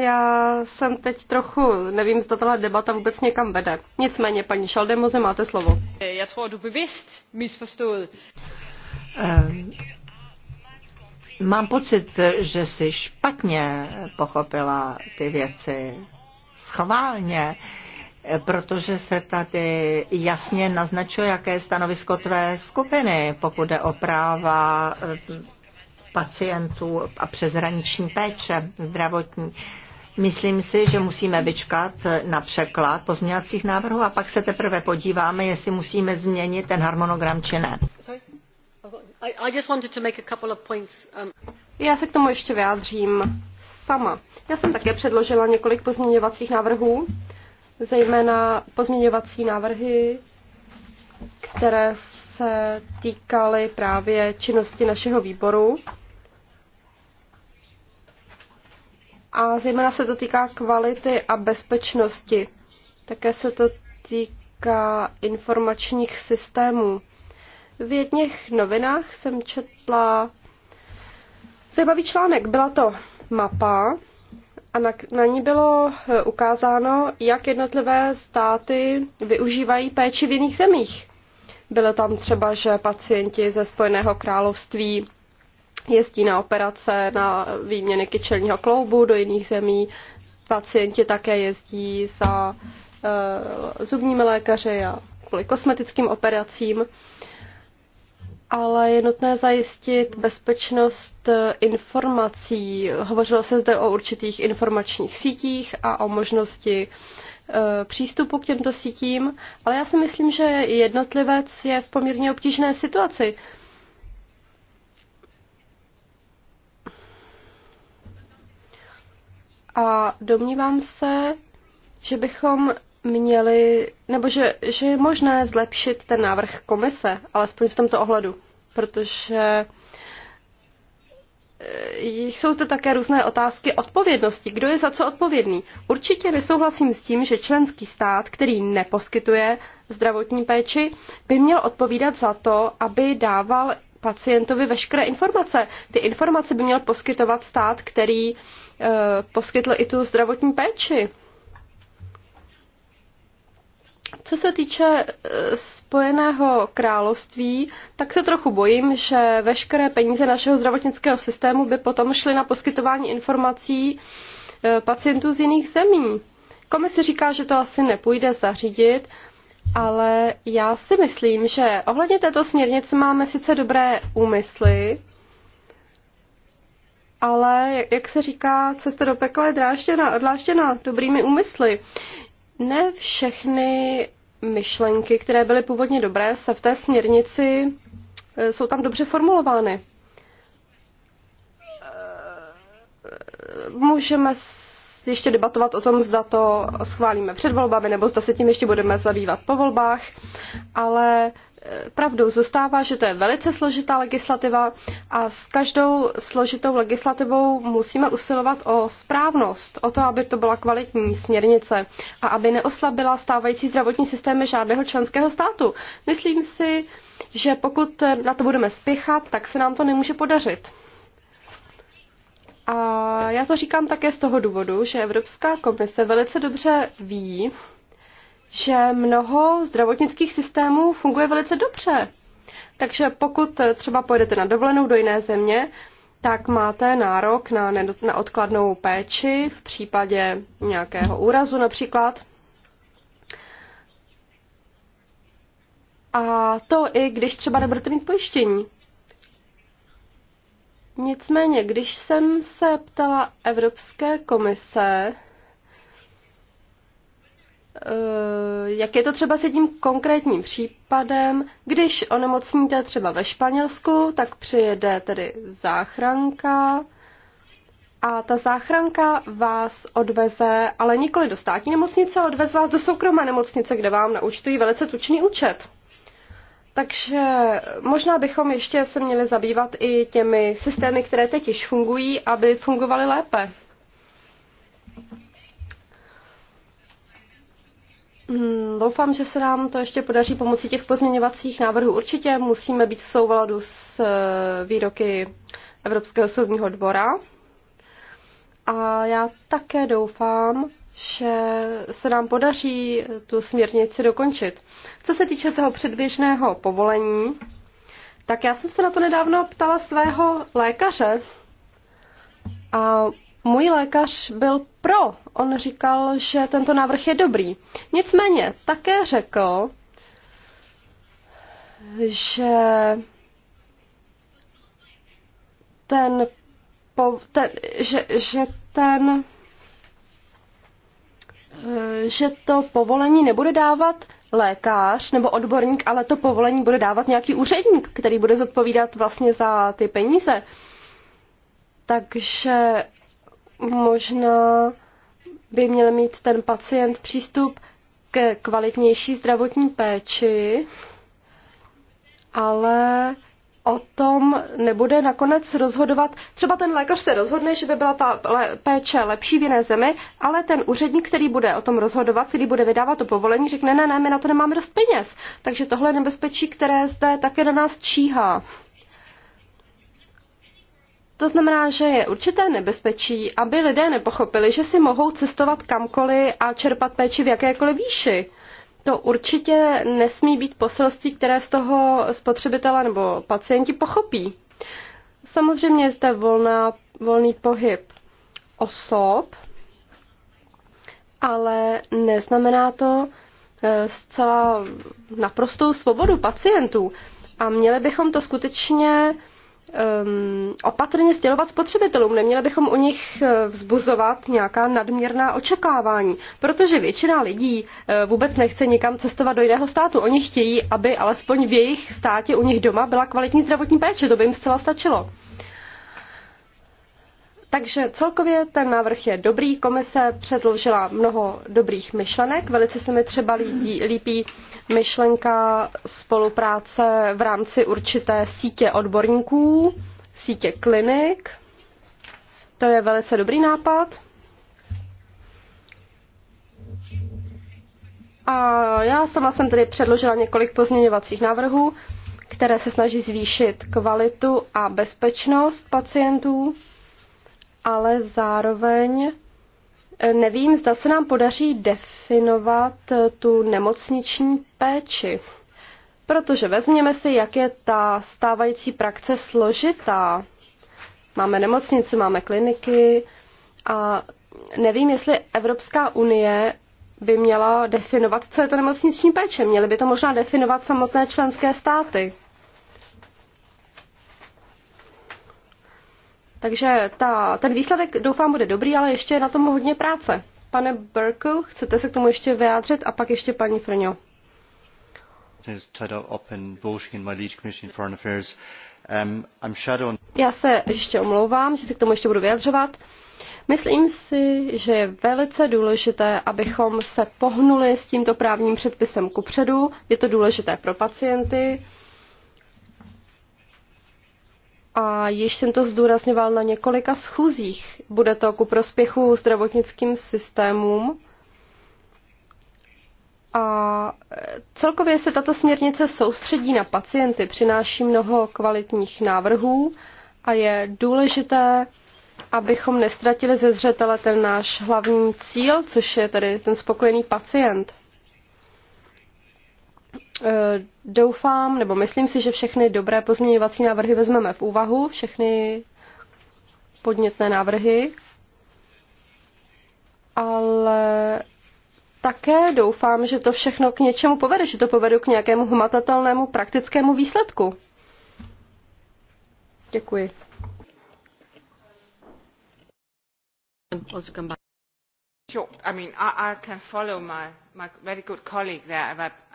Já jsem teď trochu, nevím, zda tahle debata vůbec někam vede. Nicméně, paní Šaldemoze, máte slovo. Já tror, du bevidst misforstod. Mám pocit, že jsi špatně pochopila ty věci. Schválně. Uh, protože se tady jasně naznačuje, jaké je stanovisko tvé skupiny, pokud jde o práva eh, pacientů a přeshraniční péče zdravotní. Myslím si, že musíme vyčkat na překlad pozměňovacích návrhů a pak se teprve podíváme, jestli musíme změnit ten harmonogram či ne. Um, Já se k tomu ještě vyjádřím sama. Já jsem také předložila několik pozměňovacích návrhů zejména pozměňovací návrhy, které se týkaly právě činnosti našeho výboru. A zejména se to týká kvality a bezpečnosti. Také se to týká informačních systémů. V jedných novinách jsem četla zajímavý článek. Byla to mapa a na, na ní bylo eh, ukázáno, jak jednotlivé státy využívají péči v jiných zemích. Bylo tam třeba, že pacienti ze Spojeného království jezdí na operace, na výměny kyčelního kloubu do jiných zemí. Pacienti také jezdí za e, zubními lékaři a kvůli kosmetickým operacím. E, ale je nutné zajistit bezpečnost eh, informací. Hovořilo se zde o určitých informačních sítích a o možnosti eh, přístupu k těmto sítím, ale já si myslím, že jednotlivec je v poměrně obtížné situaci. A domnívám se, že bychom měli, nebo že, že je možné zlepšit ten návrh komise, alespoň v tomto ohledu, protože eh, jsou zde také různé otázky odpovědnosti. Kdo je za co odpovědný? Určitě nesouhlasím s tím, že členský stát, který neposkytuje zdravotní péči, by měl odpovídat za to, aby dával pacientovi veškeré informace. Ty informace by měl poskytovat stát, který e, poskytl i tu zdravotní péči. Co se týče eh, Spojeného království, tak se trochu bojím, že veškeré peníze našeho zdravotnického systému by potom šly na poskytování informací eh, pacientů z jiných zemí. Komise říká, že to asi nepůjde zařídit, ale já si myslím, že ohledně této směrnice máme sice dobré úmysly, ale jak se říká, cesta do pekla je dlážděna, dlážděna dobrými úmysly. Ne všechny myšlenky, které byly původně dobré, se v té směrnici eh, jsou tam dobře formulovány. Eh, můžeme ještě debatovat o tom, zda to schválíme před volbami, nebo zda se tím ještě budeme zabývat po volbách, ale pravdou zůstává, že to je velice složitá legislativa a s každou složitou legislativou musíme usilovat o správnost, o to, aby to byla kvalitní směrnice a aby neoslabila stávající zdravotní systémy žádného členského státu. Myslím si, že pokud na to budeme spěchat, tak se nám to nemůže podařit. A já to říkám také z toho důvodu, že Evropská komise velice dobře ví, že mnoho zdravotnických systémů funguje velice dobře. Takže pokud třeba pojedete na dovolenou do jiné země, tak máte nárok na, na odkladnou péči v případě nějakého úrazu například. A to i když třeba nebudete mít pojištění. Nicméně, když jsem se ptala Evropské komise, Eh, jak je to třeba s jedním konkrétním případem, když onemocníte třeba ve Španělsku, tak přijede tedy záchranka a ta záchranka vás odveze, ale nikoli do státní nemocnice, ale odveze vás do soukromé nemocnice, kde vám naučtují velice tučný účet. Takže možná bychom ještě se měli zabývat i těmi systémy, které teď již fungují, aby fungovaly lépe. Mm, doufám, že se nám to ještě podaří pomocí těch pozměňovacích návrhů. Určitě musíme být v souladu s eh, výroky Evropského soudního dvora. A já také doufám, že se nám podaří tu směrnici dokončit. Co se týče toho předběžného povolení, tak já jsem se na to nedávno ptala svého lékaře a můj lékař byl pro. On říkal, že tento návrh je dobrý. Nicméně také řekl, že ten, po, ten že, že ten eh, že to povolení nebude dávat lékař nebo odborník, ale to povolení bude dávat nějaký úředník, který bude zodpovídat vlastně za ty peníze. Takže možná by měl mít ten pacient přístup ke kvalitnější zdravotní péči, ale o tom nebude nakonec rozhodovat. Třeba ten lékař se rozhodne, že by byla ta péče lepší v jiné zemi, ale ten úředník, který bude o tom rozhodovat, který bude vydávat to povolení, řekne, ne, ne, my na to nemáme dost peněz. Takže tohle je nebezpečí, které zde také na nás číhá. To znamená, že je určité nebezpečí, aby lidé nepochopili, že si mohou cestovat kamkoliv a čerpat péči v jakékoliv výši. To určitě nesmí být poselství, které z toho spotřebitele nebo pacienti pochopí. Samozřejmě je zde volná, volný pohyb osob, ale neznamená to eh, zcela naprostou svobodu pacientů. A měli bychom to skutečně um, opatrně sdělovat spotřebitelům. Neměli bychom u nich eh, vzbuzovat nějaká nadměrná očekávání, protože většina lidí eh, vůbec nechce nikam cestovat do jiného státu. Oni chtějí, aby alespoň v jejich státě u nich doma byla kvalitní zdravotní péče. To by jim zcela stačilo. Takže celkově ten návrh je dobrý. Komise předložila mnoho dobrých myšlenek. Velice se mi třeba líbí, líbí myšlenka spolupráce v rámci určité sítě odborníků, sítě klinik. To je velice dobrý nápad. A já sama jsem tedy předložila několik pozměňovacích návrhů, které se snaží zvýšit kvalitu a bezpečnost pacientů ale zároveň eh, nevím, zda se nám podaří definovat eh, tu nemocniční péči. Protože vezměme si, jak je ta stávající praxe složitá. Máme nemocnice, máme kliniky a nevím, jestli Evropská unie by měla definovat, co je to nemocniční péče. Měly by to možná definovat samotné členské státy. Takže ta, ten výsledek doufám bude dobrý, ale ještě je na tom hodně práce. Pane Berku, chcete se k tomu ještě vyjádřit a pak ještě paní Frňo. Um, Já se ještě omlouvám, že se k tomu ještě budu vyjadřovat. Myslím si, že je velice důležité, abychom se pohnuli s tímto právním předpisem kupředu. Je to důležité pro pacienty, a již jsem to zdůrazňoval na několika schůzích. Bude to ku prospěchu zdravotnickým systémům. A celkově se tato směrnice soustředí na pacienty, přináší mnoho kvalitních návrhů a je důležité, abychom nestratili ze zřetele ten náš hlavní cíl, což je tedy ten spokojený pacient. Eh, doufám, nebo myslím si, že všechny dobré pozměňovací návrhy vezmeme v úvahu, všechny podnětné návrhy, ale také doufám, že to všechno k něčemu povede, že to povede k nějakému hmatatelnému praktickému výsledku. Děkuji.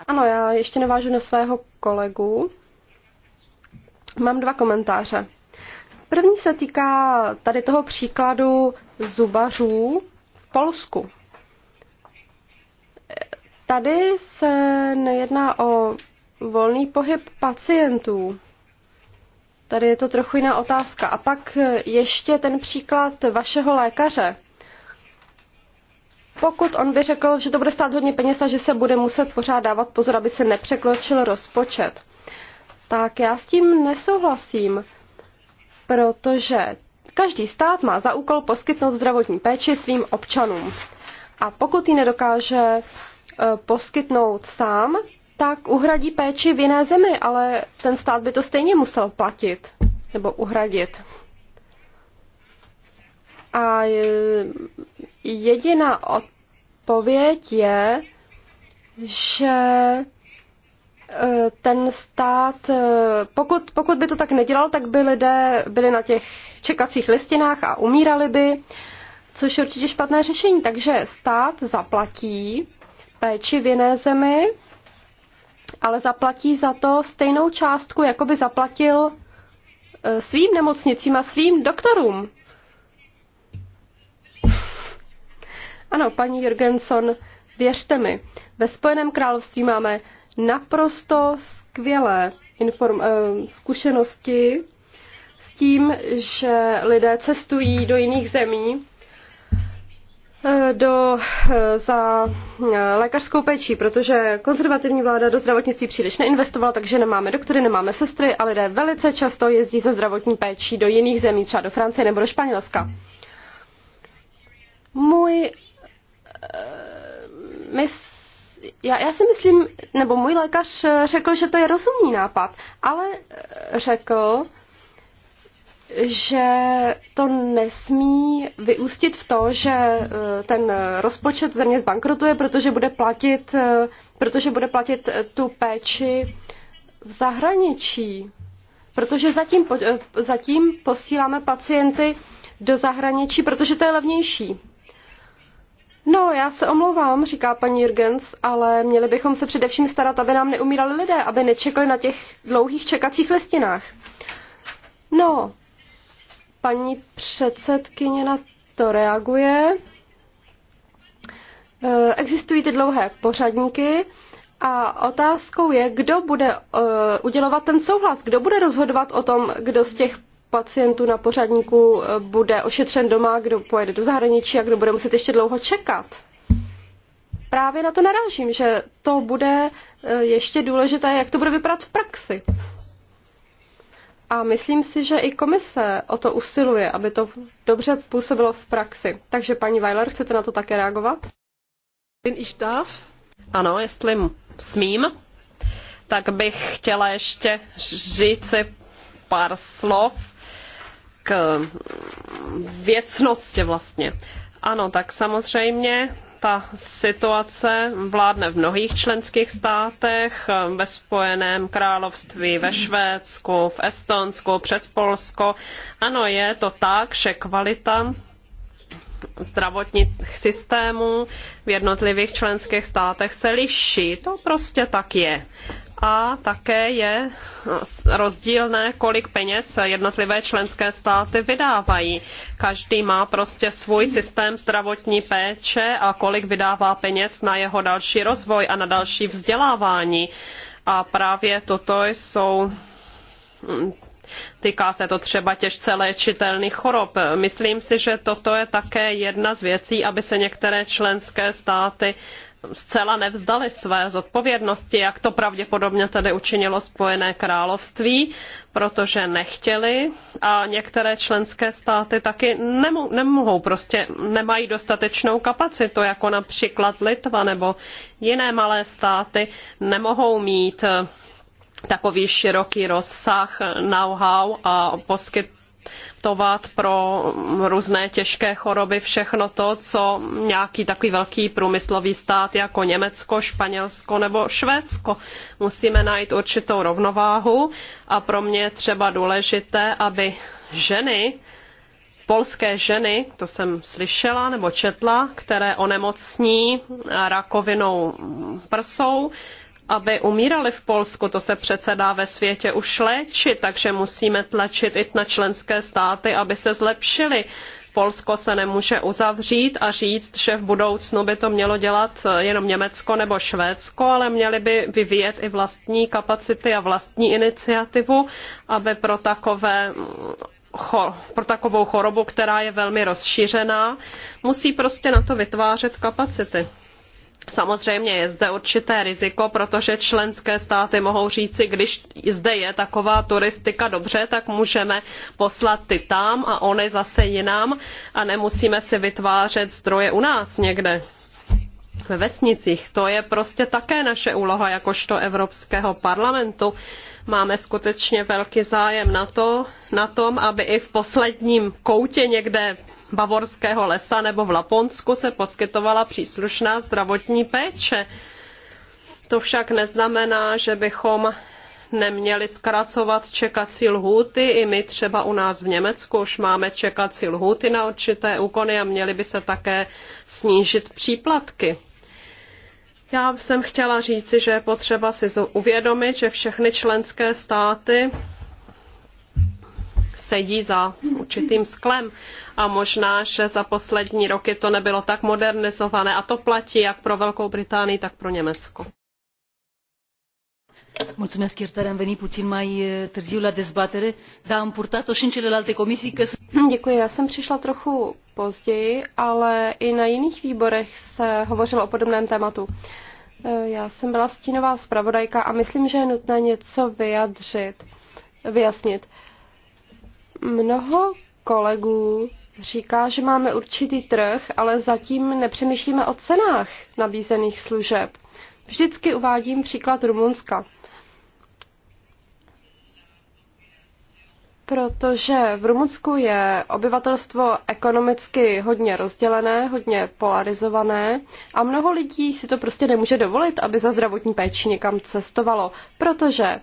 Ano, já ještě navážu na svého kolegu. Mám dva komentáře. První se týká tady toho příkladu zubařů v Polsku. Tady se nejedná o volný pohyb pacientů. Tady je to trochu jiná otázka. A pak ještě ten příklad vašeho lékaře pokud on by řekl, že to bude stát hodně peněz a že se bude muset pořád dávat pozor, aby se nepřekročil rozpočet, tak já s tím nesouhlasím, protože každý stát má za úkol poskytnout zdravotní péči svým občanům. A pokud ji nedokáže eh, poskytnout sám, tak uhradí péči v jiné zemi, ale ten stát by to stejně musel platit nebo uhradit. A e, jediná odpověď je, že e, ten stát, e, pokud, pokud by to tak nedělal, tak by lidé byli na těch čekacích listinách a umírali by, což je určitě špatné řešení. Takže stát zaplatí péči v jiné zemi, ale zaplatí za to stejnou částku, jako by zaplatil svým nemocnicím a svým doktorům. Ano, paní Jurgenson, věřte mi, ve Spojeném království máme naprosto skvělé inform, eh, zkušenosti s tím, že lidé cestují do jiných zemí eh, do, eh, za lékařskou péčí, protože konzervativní vláda do zdravotnictví příliš neinvestovala, takže nemáme doktory, nemáme sestry a lidé velice často jezdí za zdravotní péčí do jiných zemí, třeba do Francie nebo do Španělska. Můj Eh, my, já, já si myslím, nebo můj lékař eh, řekl, že to je rozumný nápad, ale eh, řekl, že to nesmí vyústit v to, že ten rozpočet země zbankrotuje, protože bude platit, protože bude platit tu péči v zahraničí. Protože zatím, zatím posíláme pacienty do zahraničí, protože to je levnější. No, já se omlouvám, říká paní Jurgens, ale měli bychom se především starat, aby nám neumírali lidé, aby nečekli na těch dlouhých čekacích listinách. No, paní předsedkyně na to reaguje. E, existují ty dlouhé pořadníky a otázkou je, kdo bude e, udělovat ten souhlas, kdo bude rozhodovat o tom, kdo z těch pacientů na pořadníku eh, bude ošetřen doma, kdo pojede do zahraničí a kdo bude muset ještě dlouho čekat. Právě na to narážím, že to bude eh, ještě důležité, jak to bude vypadat v praxi. A myslím si, že i komise o to usiluje, aby to dobře působilo v praxi. Takže paní Weiler, chcete na to také reagovat? ich darf? Ano, jestli smím, tak bych chtěla ještě si pár slov k věcnosti vlastně. Ano, tak samozřejmě ta situace vládne v mnohých členských státech, ve Spojeném království, ve Švédsku, v Estonsku, přes Polsko. Ano, je to tak, že kvalita zdravotních systémů v jednotlivých členských státech se liší. To prostě tak je a také je rozdílné, kolik peněz jednotlivé členské státy vydávají. Každý má prostě svůj systém zdravotní péče a kolik vydává peněz na jeho další rozvoj a na další vzdělávání. A právě toto jsou hm, Týká se to třeba těžce léčitelných chorob. Myslím si, že toto je také jedna z věcí, aby se některé členské státy zcela nevzdali své zodpovědnosti, jak to pravděpodobně tedy učinilo Spojené království, protože nechtěli a některé členské státy taky nemohou, nemohou, prostě nemají dostatečnou kapacitu, jako například Litva nebo jiné malé státy nemohou mít takový široký rozsah know-how a poskyt tovat pro různé těžké choroby, všechno to, co nějaký takový velký průmyslový stát jako Německo, Španělsko nebo Švédsko. Musíme najít určitou rovnováhu a pro mě je třeba důležité, aby ženy, polské ženy, to jsem slyšela nebo četla, které onemocní rakovinou prsou, aby umírali v Polsku. To se přece dá ve světě už léčit, takže musíme tlačit i na členské státy, aby se zlepšili. Polsko se nemůže uzavřít a říct, že v budoucnu by to mělo dělat jenom Německo nebo Švédsko, ale měli by vyvíjet i vlastní kapacity a vlastní iniciativu, aby pro takové pro takovou chorobu, která je velmi rozšířená, musí prostě na to vytvářet kapacity. Samozřejmě je zde určité riziko, protože členské státy mohou říci, když zde je taková turistika dobře, tak můžeme poslat ty tam a ony zase jinam a nemusíme si vytvářet zdroje u nás někde ve vesnicích. To je prostě také naše úloha jakožto Evropského parlamentu. Máme skutečně velký zájem na, to, na tom, aby i v posledním koutě někde bavorského lesa nebo v Laponsku se poskytovala příslušná zdravotní péče. To však neznamená, že bychom neměli zkracovat čekací lhůty. I my třeba u nás v Německu už máme čekací lhůty na určité úkony a měly by se také snížit příplatky. Já jsem chtěla říci, že je potřeba si uvědomit, že všechny členské státy sedí za určitým sklem a možná, že za poslední roky to nebylo tak modernizované a to platí jak pro Velkou Británii, tak pro Německo. Mulțumesc, iertare, am venit puțin mai eh, târziu la dezbatere, dar am purtat-o și în celelalte comisii că... Hmm, děkuji, já jsem přišla trochu později, ale i na jiných výborech se hovořilo o podobném tématu. Eh, já jsem byla stínová zpravodajka a myslím, že je nutné něco vyjadřit, vyjasnit. Mnoho kolegů říká, že máme určitý trh, ale zatím nepřemýšlíme o cenách nabízených služeb. Vždycky uvádím příklad Rumunska. Protože v Rumunsku je obyvatelstvo ekonomicky hodně rozdělené, hodně polarizované a mnoho lidí si to prostě nemůže dovolit, aby za zdravotní péči někam cestovalo, protože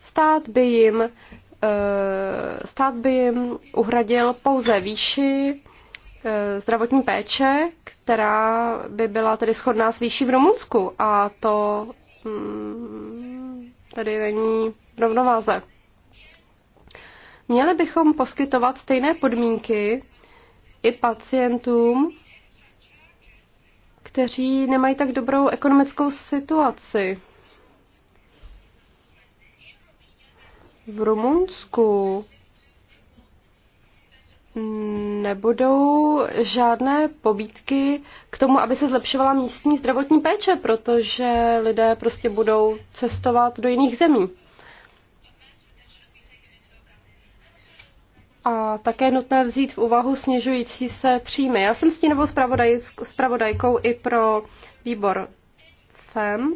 stát by jim Eh, stát by jim uhradil pouze výši eh, zdravotní péče, která by byla tedy shodná s výší v Rumunsku a to mm, tady není rovnováze. Měli bychom poskytovat stejné podmínky i pacientům, kteří nemají tak dobrou ekonomickou situaci. v Rumunsku nebudou žádné pobídky k tomu, aby se zlepšovala místní zdravotní péče, protože lidé prostě budou cestovat do jiných zemí. A také nutné vzít v úvahu snižující se příjmy. Já jsem stínovou zpravodajkou i pro výbor FEM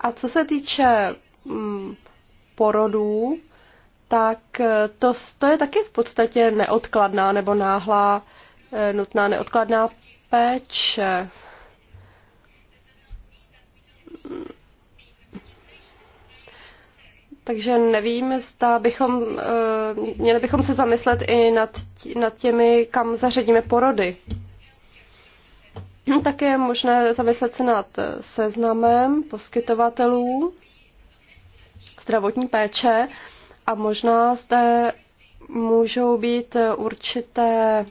A co se týče mm, porodů, tak to, to je taky v podstatě neodkladná nebo náhlá, eh, nutná neodkladná péče. Takže nevím, zda bychom, eh, měli bychom se zamyslet i nad, nad těmi, kam zařadíme porody. No, Také je možné zamyslet se nad eh, seznamem poskytovatelů zdravotní péče a možná zde můžou být eh, určité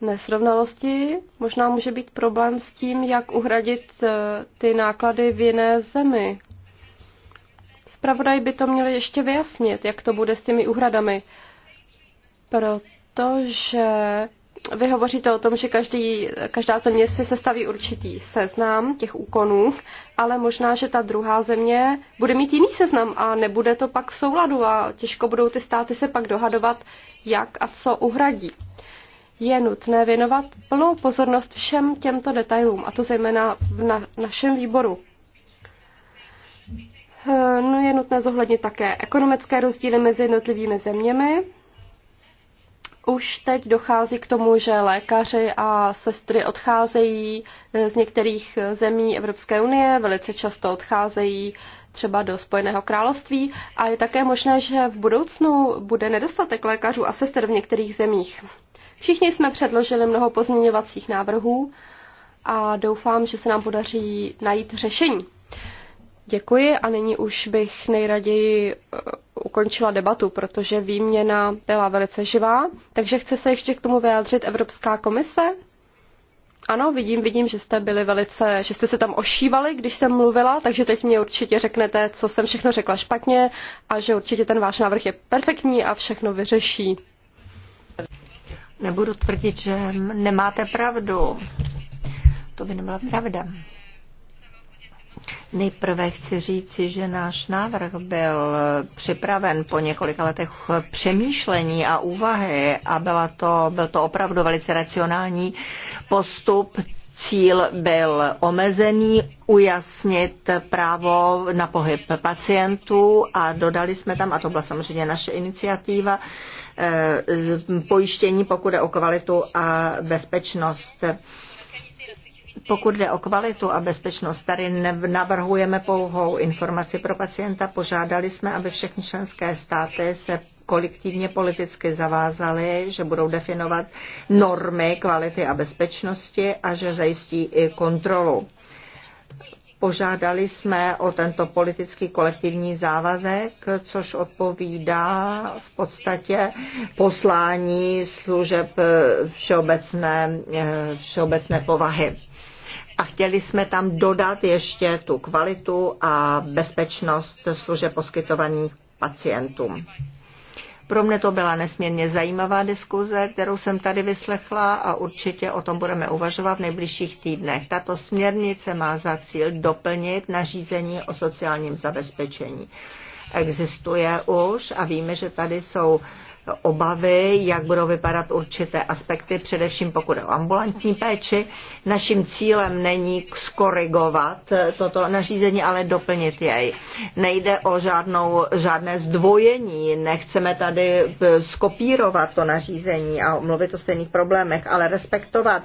nesrovnalosti. Možná může být problém s tím, jak uhradit eh, ty náklady v jiné zemi. Spravodaj by to měl ještě vyjasnit, jak to bude s těmi uhradami, protože vy hovoříte o tom, že každý, každá země si sestaví určitý seznam těch úkonů, ale možná, že ta druhá země bude mít jiný seznam a nebude to pak v souladu a těžko budou ty státy se pak dohadovat, jak a co uhradí. Je nutné věnovat plnou pozornost všem těmto detailům, a to zejména v na, našem výboru. No, je nutné zohlednit také ekonomické rozdíly mezi jednotlivými zeměmi, už teď dochází k tomu, že lékaři a sestry odcházejí eh, z některých eh, zemí Evropské unie, velice často odcházejí třeba do Spojeného království a je také možné, že v budoucnu bude nedostatek lékařů a sester v některých zemích. Všichni jsme předložili mnoho pozměňovacích návrhů a doufám, že se nám podaří najít řešení. Děkuji a nyní už bych nejraději eh, ukončila debatu, protože výměna byla velice živá. Takže chce se ještě k tomu vyjádřit Evropská komise? Ano, vidím, vidím, že jste byli velice, že jste se tam ošívali, když jsem mluvila, takže teď mě určitě řeknete, co jsem všechno řekla špatně a že určitě ten váš návrh je perfektní a všechno vyřeší. Nebudu tvrdit, že nemáte pravdu. To by nebyla pravda. Nejprve chci říci, že náš návrh byl připraven po několika letech přemýšlení a úvahy a byla to, byl to opravdu velice racionální postup. Cíl byl omezený, ujasnit právo na pohyb pacientů a dodali jsme tam, a to byla samozřejmě naše iniciativa, eh, pojištění, pokud je o kvalitu a bezpečnost. Pokud jde o kvalitu a bezpečnost, tady navrhujeme pouhou informaci pro pacienta. Požádali jsme, aby všechny členské státy se kolektivně politicky zavázaly, že budou definovat normy kvality a bezpečnosti a že zajistí i kontrolu. Požádali jsme o tento politický kolektivní závazek, což odpovídá v podstatě poslání služeb eh, všeobecné, eh, všeobecné povahy a chtěli jsme tam dodat ještě tu kvalitu a bezpečnost služeb poskytovaných pacientům. Pro mě to byla nesmírně zajímavá diskuze, kterou jsem tady vyslechla a určitě o tom budeme uvažovat v nejbližších týdnech. Tato směrnice má za cíl doplnit nařízení o sociálním zabezpečení. Existuje už a víme, že tady jsou obavy, jak budou vypadat určité aspekty, především pokud je o ambulantní péči. Naším cílem není skorigovat eh, toto nařízení, ale doplnit jej. Nejde o žádnou, žádné zdvojení, nechceme tady eh, skopírovat to nařízení a mluvit o stejných problémech, ale respektovat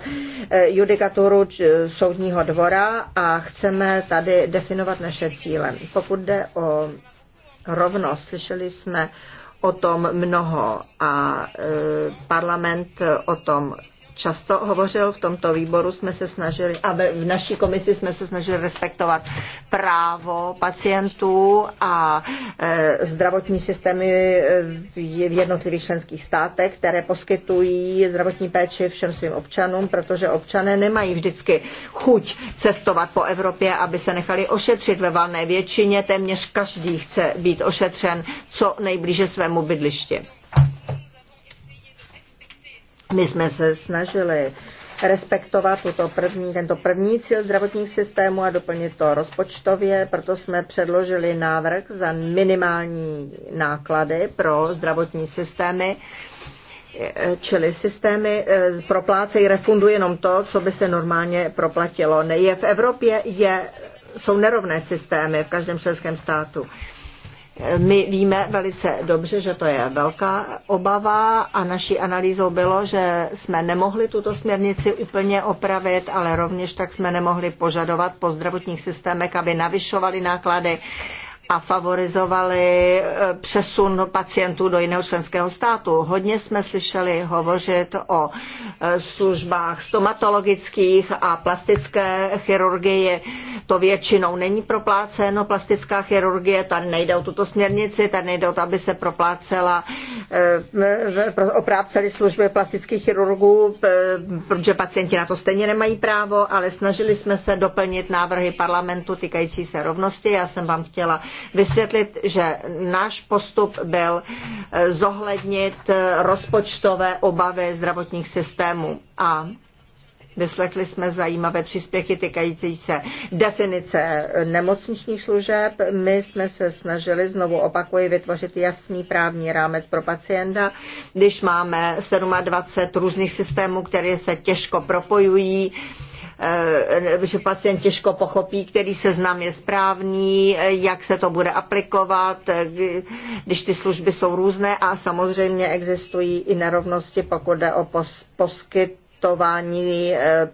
eh, judikaturu soudního dvora a chceme tady definovat naše cíle. Pokud jde o rovnost, slyšeli jsme o tom mnoho a e, parlament o tom často hovořil, v tomto výboru jsme se snažili, a v naší komisi jsme se snažili respektovat právo pacientů a e, zdravotní systémy e, v jednotlivých členských státech, které poskytují zdravotní péči všem svým občanům, protože občané nemají vždycky chuť cestovat po Evropě, aby se nechali ošetřit ve valné většině. Téměř každý chce být ošetřen co nejblíže svému bydlišti. My jsme se snažili respektovat tuto první, tento první cíl zdravotních systémů a doplnit to rozpočtově, proto jsme předložili návrh za minimální náklady pro zdravotní systémy, čili systémy eh, proplácejí, refundují jenom to, co by se normálně proplatilo. Je v Evropě je, jsou nerovné systémy v každém členském státu. My víme velice dobře, že to je velká obava a naší analýzou bylo, že jsme nemohli tuto směrnici úplně opravit, ale rovněž tak jsme nemohli požadovat po zdravotních systémech, aby navyšovali náklady a favorizovali e, přesun pacientů do jiného členského státu. Hodně jsme slyšeli hovořit o e, službách stomatologických a plastické chirurgie. To většinou není propláceno, plastická chirurgie, ta nejde o tuto směrnici, ta nejde o to, aby se proplácela, e, opráceli služby plastických chirurgů, protože pacienti na to stejně nemají právo, ale snažili jsme se doplnit návrhy parlamentu týkající se rovnosti. Já jsem vám chtěla vysvětlit, že náš postup byl eh, zohlednit eh, rozpočtové obavy zdravotních systémů a Vyslechli jsme zajímavé příspěchy týkající se definice eh, nemocničních služeb. My jsme se snažili, znovu opakuji, vytvořit jasný právní rámec pro pacienta. Když máme 27 různých systémů, které se těžko propojují, Eh, že pacient těžko pochopí, který seznam je správný, eh, jak se to bude aplikovat, eh, když ty služby jsou různé a samozřejmě existují i nerovnosti, pokud jde o poskyt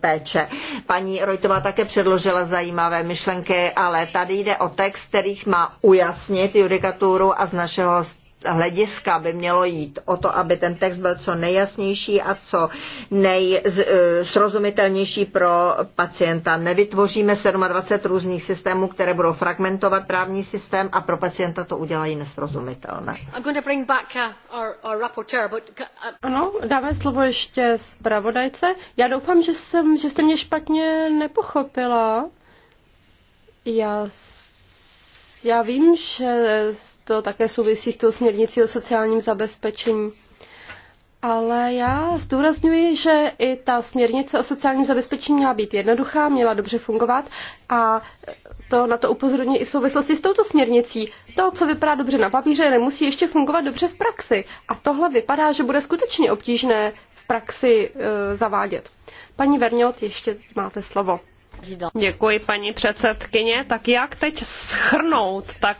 péče. Paní Rojtová také předložila zajímavé myšlenky, ale tady jde o text, kterých má ujasnit judikaturu a z našeho hlediska by mělo jít o to, aby ten text byl co nejjasnější a co nejsrozumitelnější pro pacienta. Nevytvoříme 27 různých systémů, které budou fragmentovat právní systém a pro pacienta to udělají nesrozumitelné. Uh, uh, uh, ano, dáme slovo ještě zpravodajce. Já doufám, že, jsem, že jste mě špatně nepochopila. Já, já vím, že to také souvisí s tou směrnicí o sociálním zabezpečení. Ale já zdůrazňuji, že i ta směrnice o sociálním zabezpečení měla být jednoduchá, měla dobře fungovat a to na to upozorňuji i v souvislosti s touto směrnicí. To, co vypadá dobře na papíře, nemusí ještě fungovat dobře v praxi. A tohle vypadá, že bude skutečně obtížné v praxi e, zavádět. Paní Verňot, ještě máte slovo. Děkuji, paní předsedkyně. Tak jak teď schrnout tak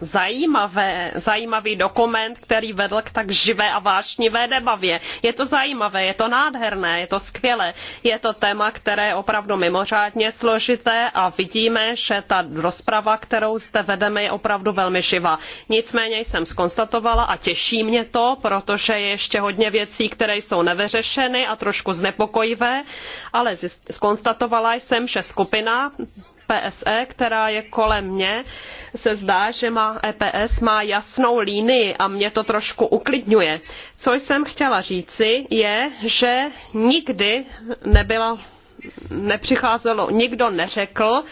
zajímavé, zajímavý dokument, který vedl k tak živé a vášnivé debavě? Je to zajímavé, je to nádherné, je to skvělé. Je to téma, které je opravdu mimořádně složité a vidíme, že ta rozprava, kterou zde vedeme, je opravdu velmi živá. Nicméně jsem skonstatovala a těší mě to, protože je ještě hodně věcí, které jsou nevyřešeny a trošku znepokojivé, ale zkonstatovala jsem, že skupina PSE, která je kolem mě, se zdá, že má EPS má jasnou línii a mě to trošku uklidňuje. Co jsem chtěla říci, je, že nikdy nebyla nepřicházelo, nikdo neřekl,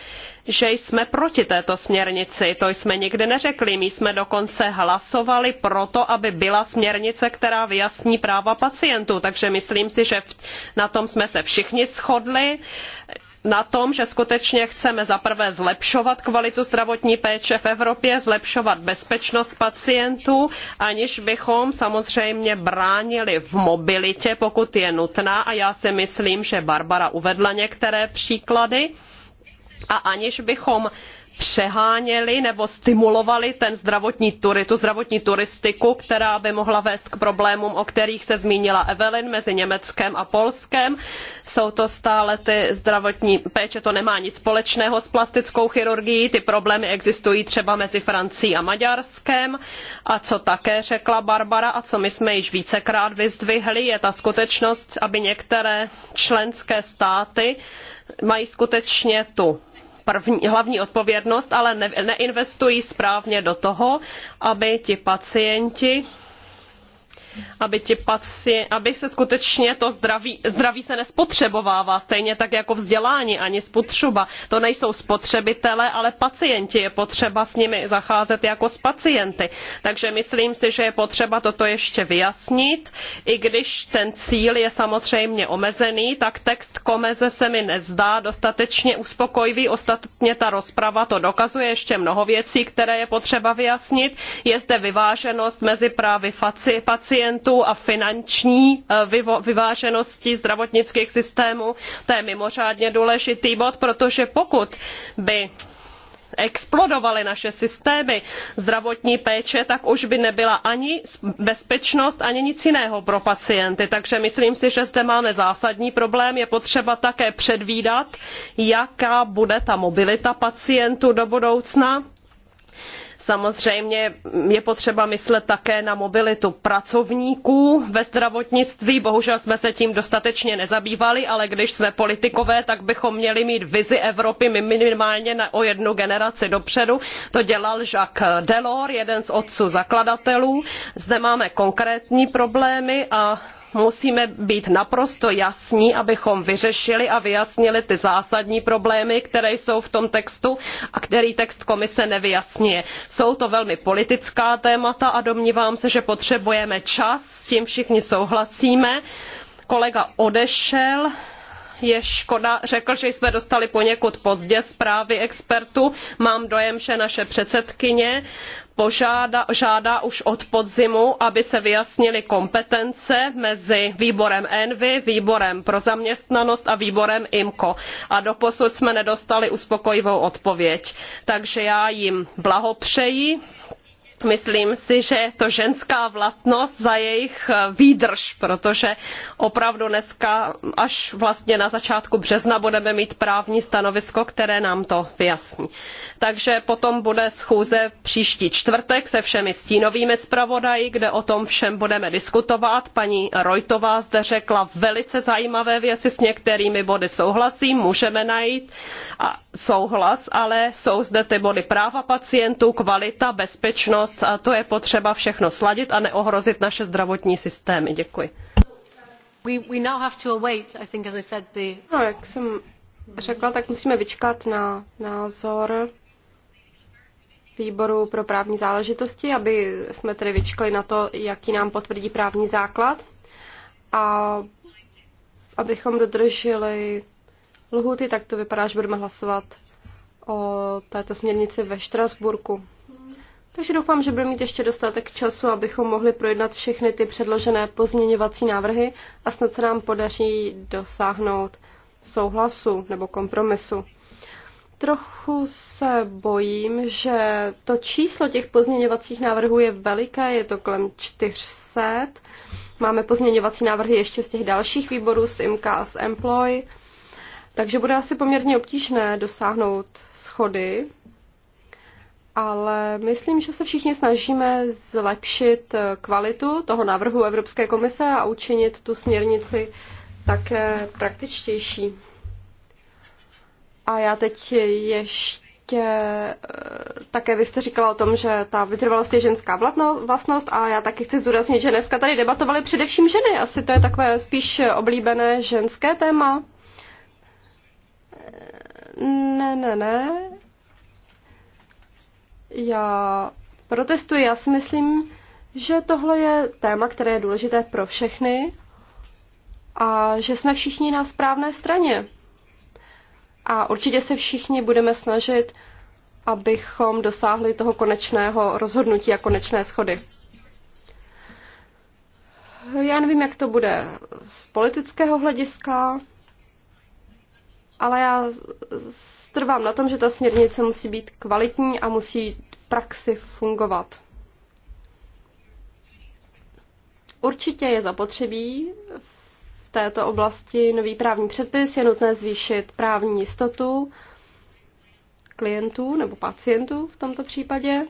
že jsme proti této směrnici. To jsme nikdy neřekli. My jsme dokonce hlasovali proto, aby byla směrnice, která vyjasní práva pacientů. Takže myslím si, že na tom jsme se všichni shodli na tom, že skutečně chceme zaprvé zlepšovat kvalitu zdravotní péče v Evropě, zlepšovat bezpečnost pacientů, aniž bychom samozřejmě bránili v mobilitě, pokud je nutná. A já si myslím, že Barbara uvedla některé příklady. A aniž bychom přeháněli nebo stimulovali ten zdravotní tu zdravotní turistiku, která by mohla vést k problémům, o kterých se zmínila Evelyn mezi Německem a Polskem. Jsou to stále ty zdravotní péče, to nemá nic společného s plastickou chirurgií, ty problémy existují třeba mezi Francií a Maďarskem. A co také řekla Barbara a co my jsme již vícekrát vyzdvihli, je ta skutečnost, aby některé členské státy mají skutečně tu hlavní odpovědnost, ale neinvestují správně do toho, aby ti pacienti aby, ti paci, aby se skutečně to zdraví, zdraví se nespotřebovává, stejně tak jako vzdělání ani spotřeba. To nejsou spotřebitelé, ale pacienti. Je potřeba s nimi zacházet jako s pacienty. Takže myslím si, že je potřeba toto ještě vyjasnit. I když ten cíl je samozřejmě omezený, tak text komeze se mi nezdá dostatečně uspokojivý. Ostatně ta rozprava to dokazuje ještě mnoho věcí, které je potřeba vyjasnit. Je zde vyváženost mezi právy pacientů pacientů a finanční eh, vyváženosti zdravotnických systémů to je mimořádně důležitý bod protože pokud by explodovaly naše systémy zdravotní péče tak už by nebyla ani bezpečnost ani nic jiného pro pacienty. takže myslím si že zde máme zásadní problém je potřeba také předvídat jaká bude ta mobilita pacientů do budoucna Samozřejmě je potřeba myslet také na mobilitu pracovníků ve zdravotnictví. Bohužel jsme se tím dostatečně nezabývali, ale když jsme politikové, tak bychom měli mít vizi Evropy minimálně o jednu generaci dopředu. To dělal Jacques Delors, jeden z otců zakladatelů. Zde máme konkrétní problémy a musíme být naprosto jasní, abychom vyřešili a vyjasnili ty zásadní problémy, které jsou v tom textu a který text komise nevyjasňuje. Jsou to velmi politická témata a domnívám se, že potřebujeme čas, s tím všichni souhlasíme. Kolega odešel, je škoda, řekl, že jsme dostali poněkud pozdě zprávy expertů. Mám dojem, že naše předsedkyně požádá, žádá už od podzimu, aby se vyjasnily kompetence mezi výborem ENVI, výborem pro zaměstnanost a výborem IMCO. A doposud jsme nedostali uspokojivou odpověď. Takže já jim blahopřeji myslím si, že je to ženská vlastnost za jejich eh, výdrž, protože opravdu dneska až vlastně na začátku března budeme mít právní stanovisko, které nám to vyjasní. Takže potom bude schůze příští čtvrtek se všemi stínovými zpravodaji, kde o tom všem budeme diskutovat. Paní Rojtová zde řekla velice zajímavé věci, s některými body souhlasím, můžeme najít a souhlas, ale jsou zde ty body práva pacientů, kvalita, bezpečnost, čas a to je potřeba všechno sladit a neohrozit naše zdravotní systémy. Děkuji. No, jak jsem řekla, tak musíme vyčkat na názor výboru pro právní záležitosti, aby jsme tedy vyčkali na to, jaký nám potvrdí právní základ a abychom dodrželi lhuty, tak to vypadá, že budeme hlasovat o této směrnici ve Štrasburku. Takže doufám, že budeme mít ještě dostatek času, abychom mohli projednat všechny ty předložené pozměňovací návrhy a snad se nám podaří dosáhnout souhlasu nebo kompromisu. Trochu se bojím, že to číslo těch pozměňovacích návrhů je veliké, je to kolem 400. Máme pozměňovací návrhy ještě z těch dalších výborů, z IMK a z Employ, takže bude asi poměrně obtížné dosáhnout schody ale myslím, že se všichni snažíme zlepšit eh, kvalitu toho návrhu Evropské komise a učinit tu směrnici také praktičtější. A já teď ještě eh, také vy jste říkala o tom, že ta vytrvalost je ženská vlastnost a já taky chci zdůraznit, že dneska tady debatovaly především ženy. Asi to je takové spíš oblíbené ženské téma. Eh, ne, ne, ne. Já protestuji, já si myslím, že tohle je téma, které je důležité pro všechny a že jsme všichni na správné straně. A určitě se všichni budeme snažit, abychom dosáhli toho konečného rozhodnutí a konečné schody. Já nevím, jak to bude z politického hlediska, ale já trvám na tom, že ta směrnice musí být kvalitní a musí v praxi fungovat. Určitě je zapotřebí v této oblasti nový právní předpis, je nutné zvýšit právní jistotu klientů nebo pacientů v tomto případě.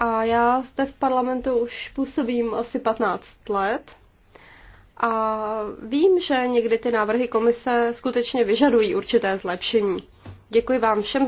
A já zde v parlamentu už působím asi 15 let a vím, že někdy ty návrhy komise skutečně vyžadují určité zlepšení. Děkuji vám všem.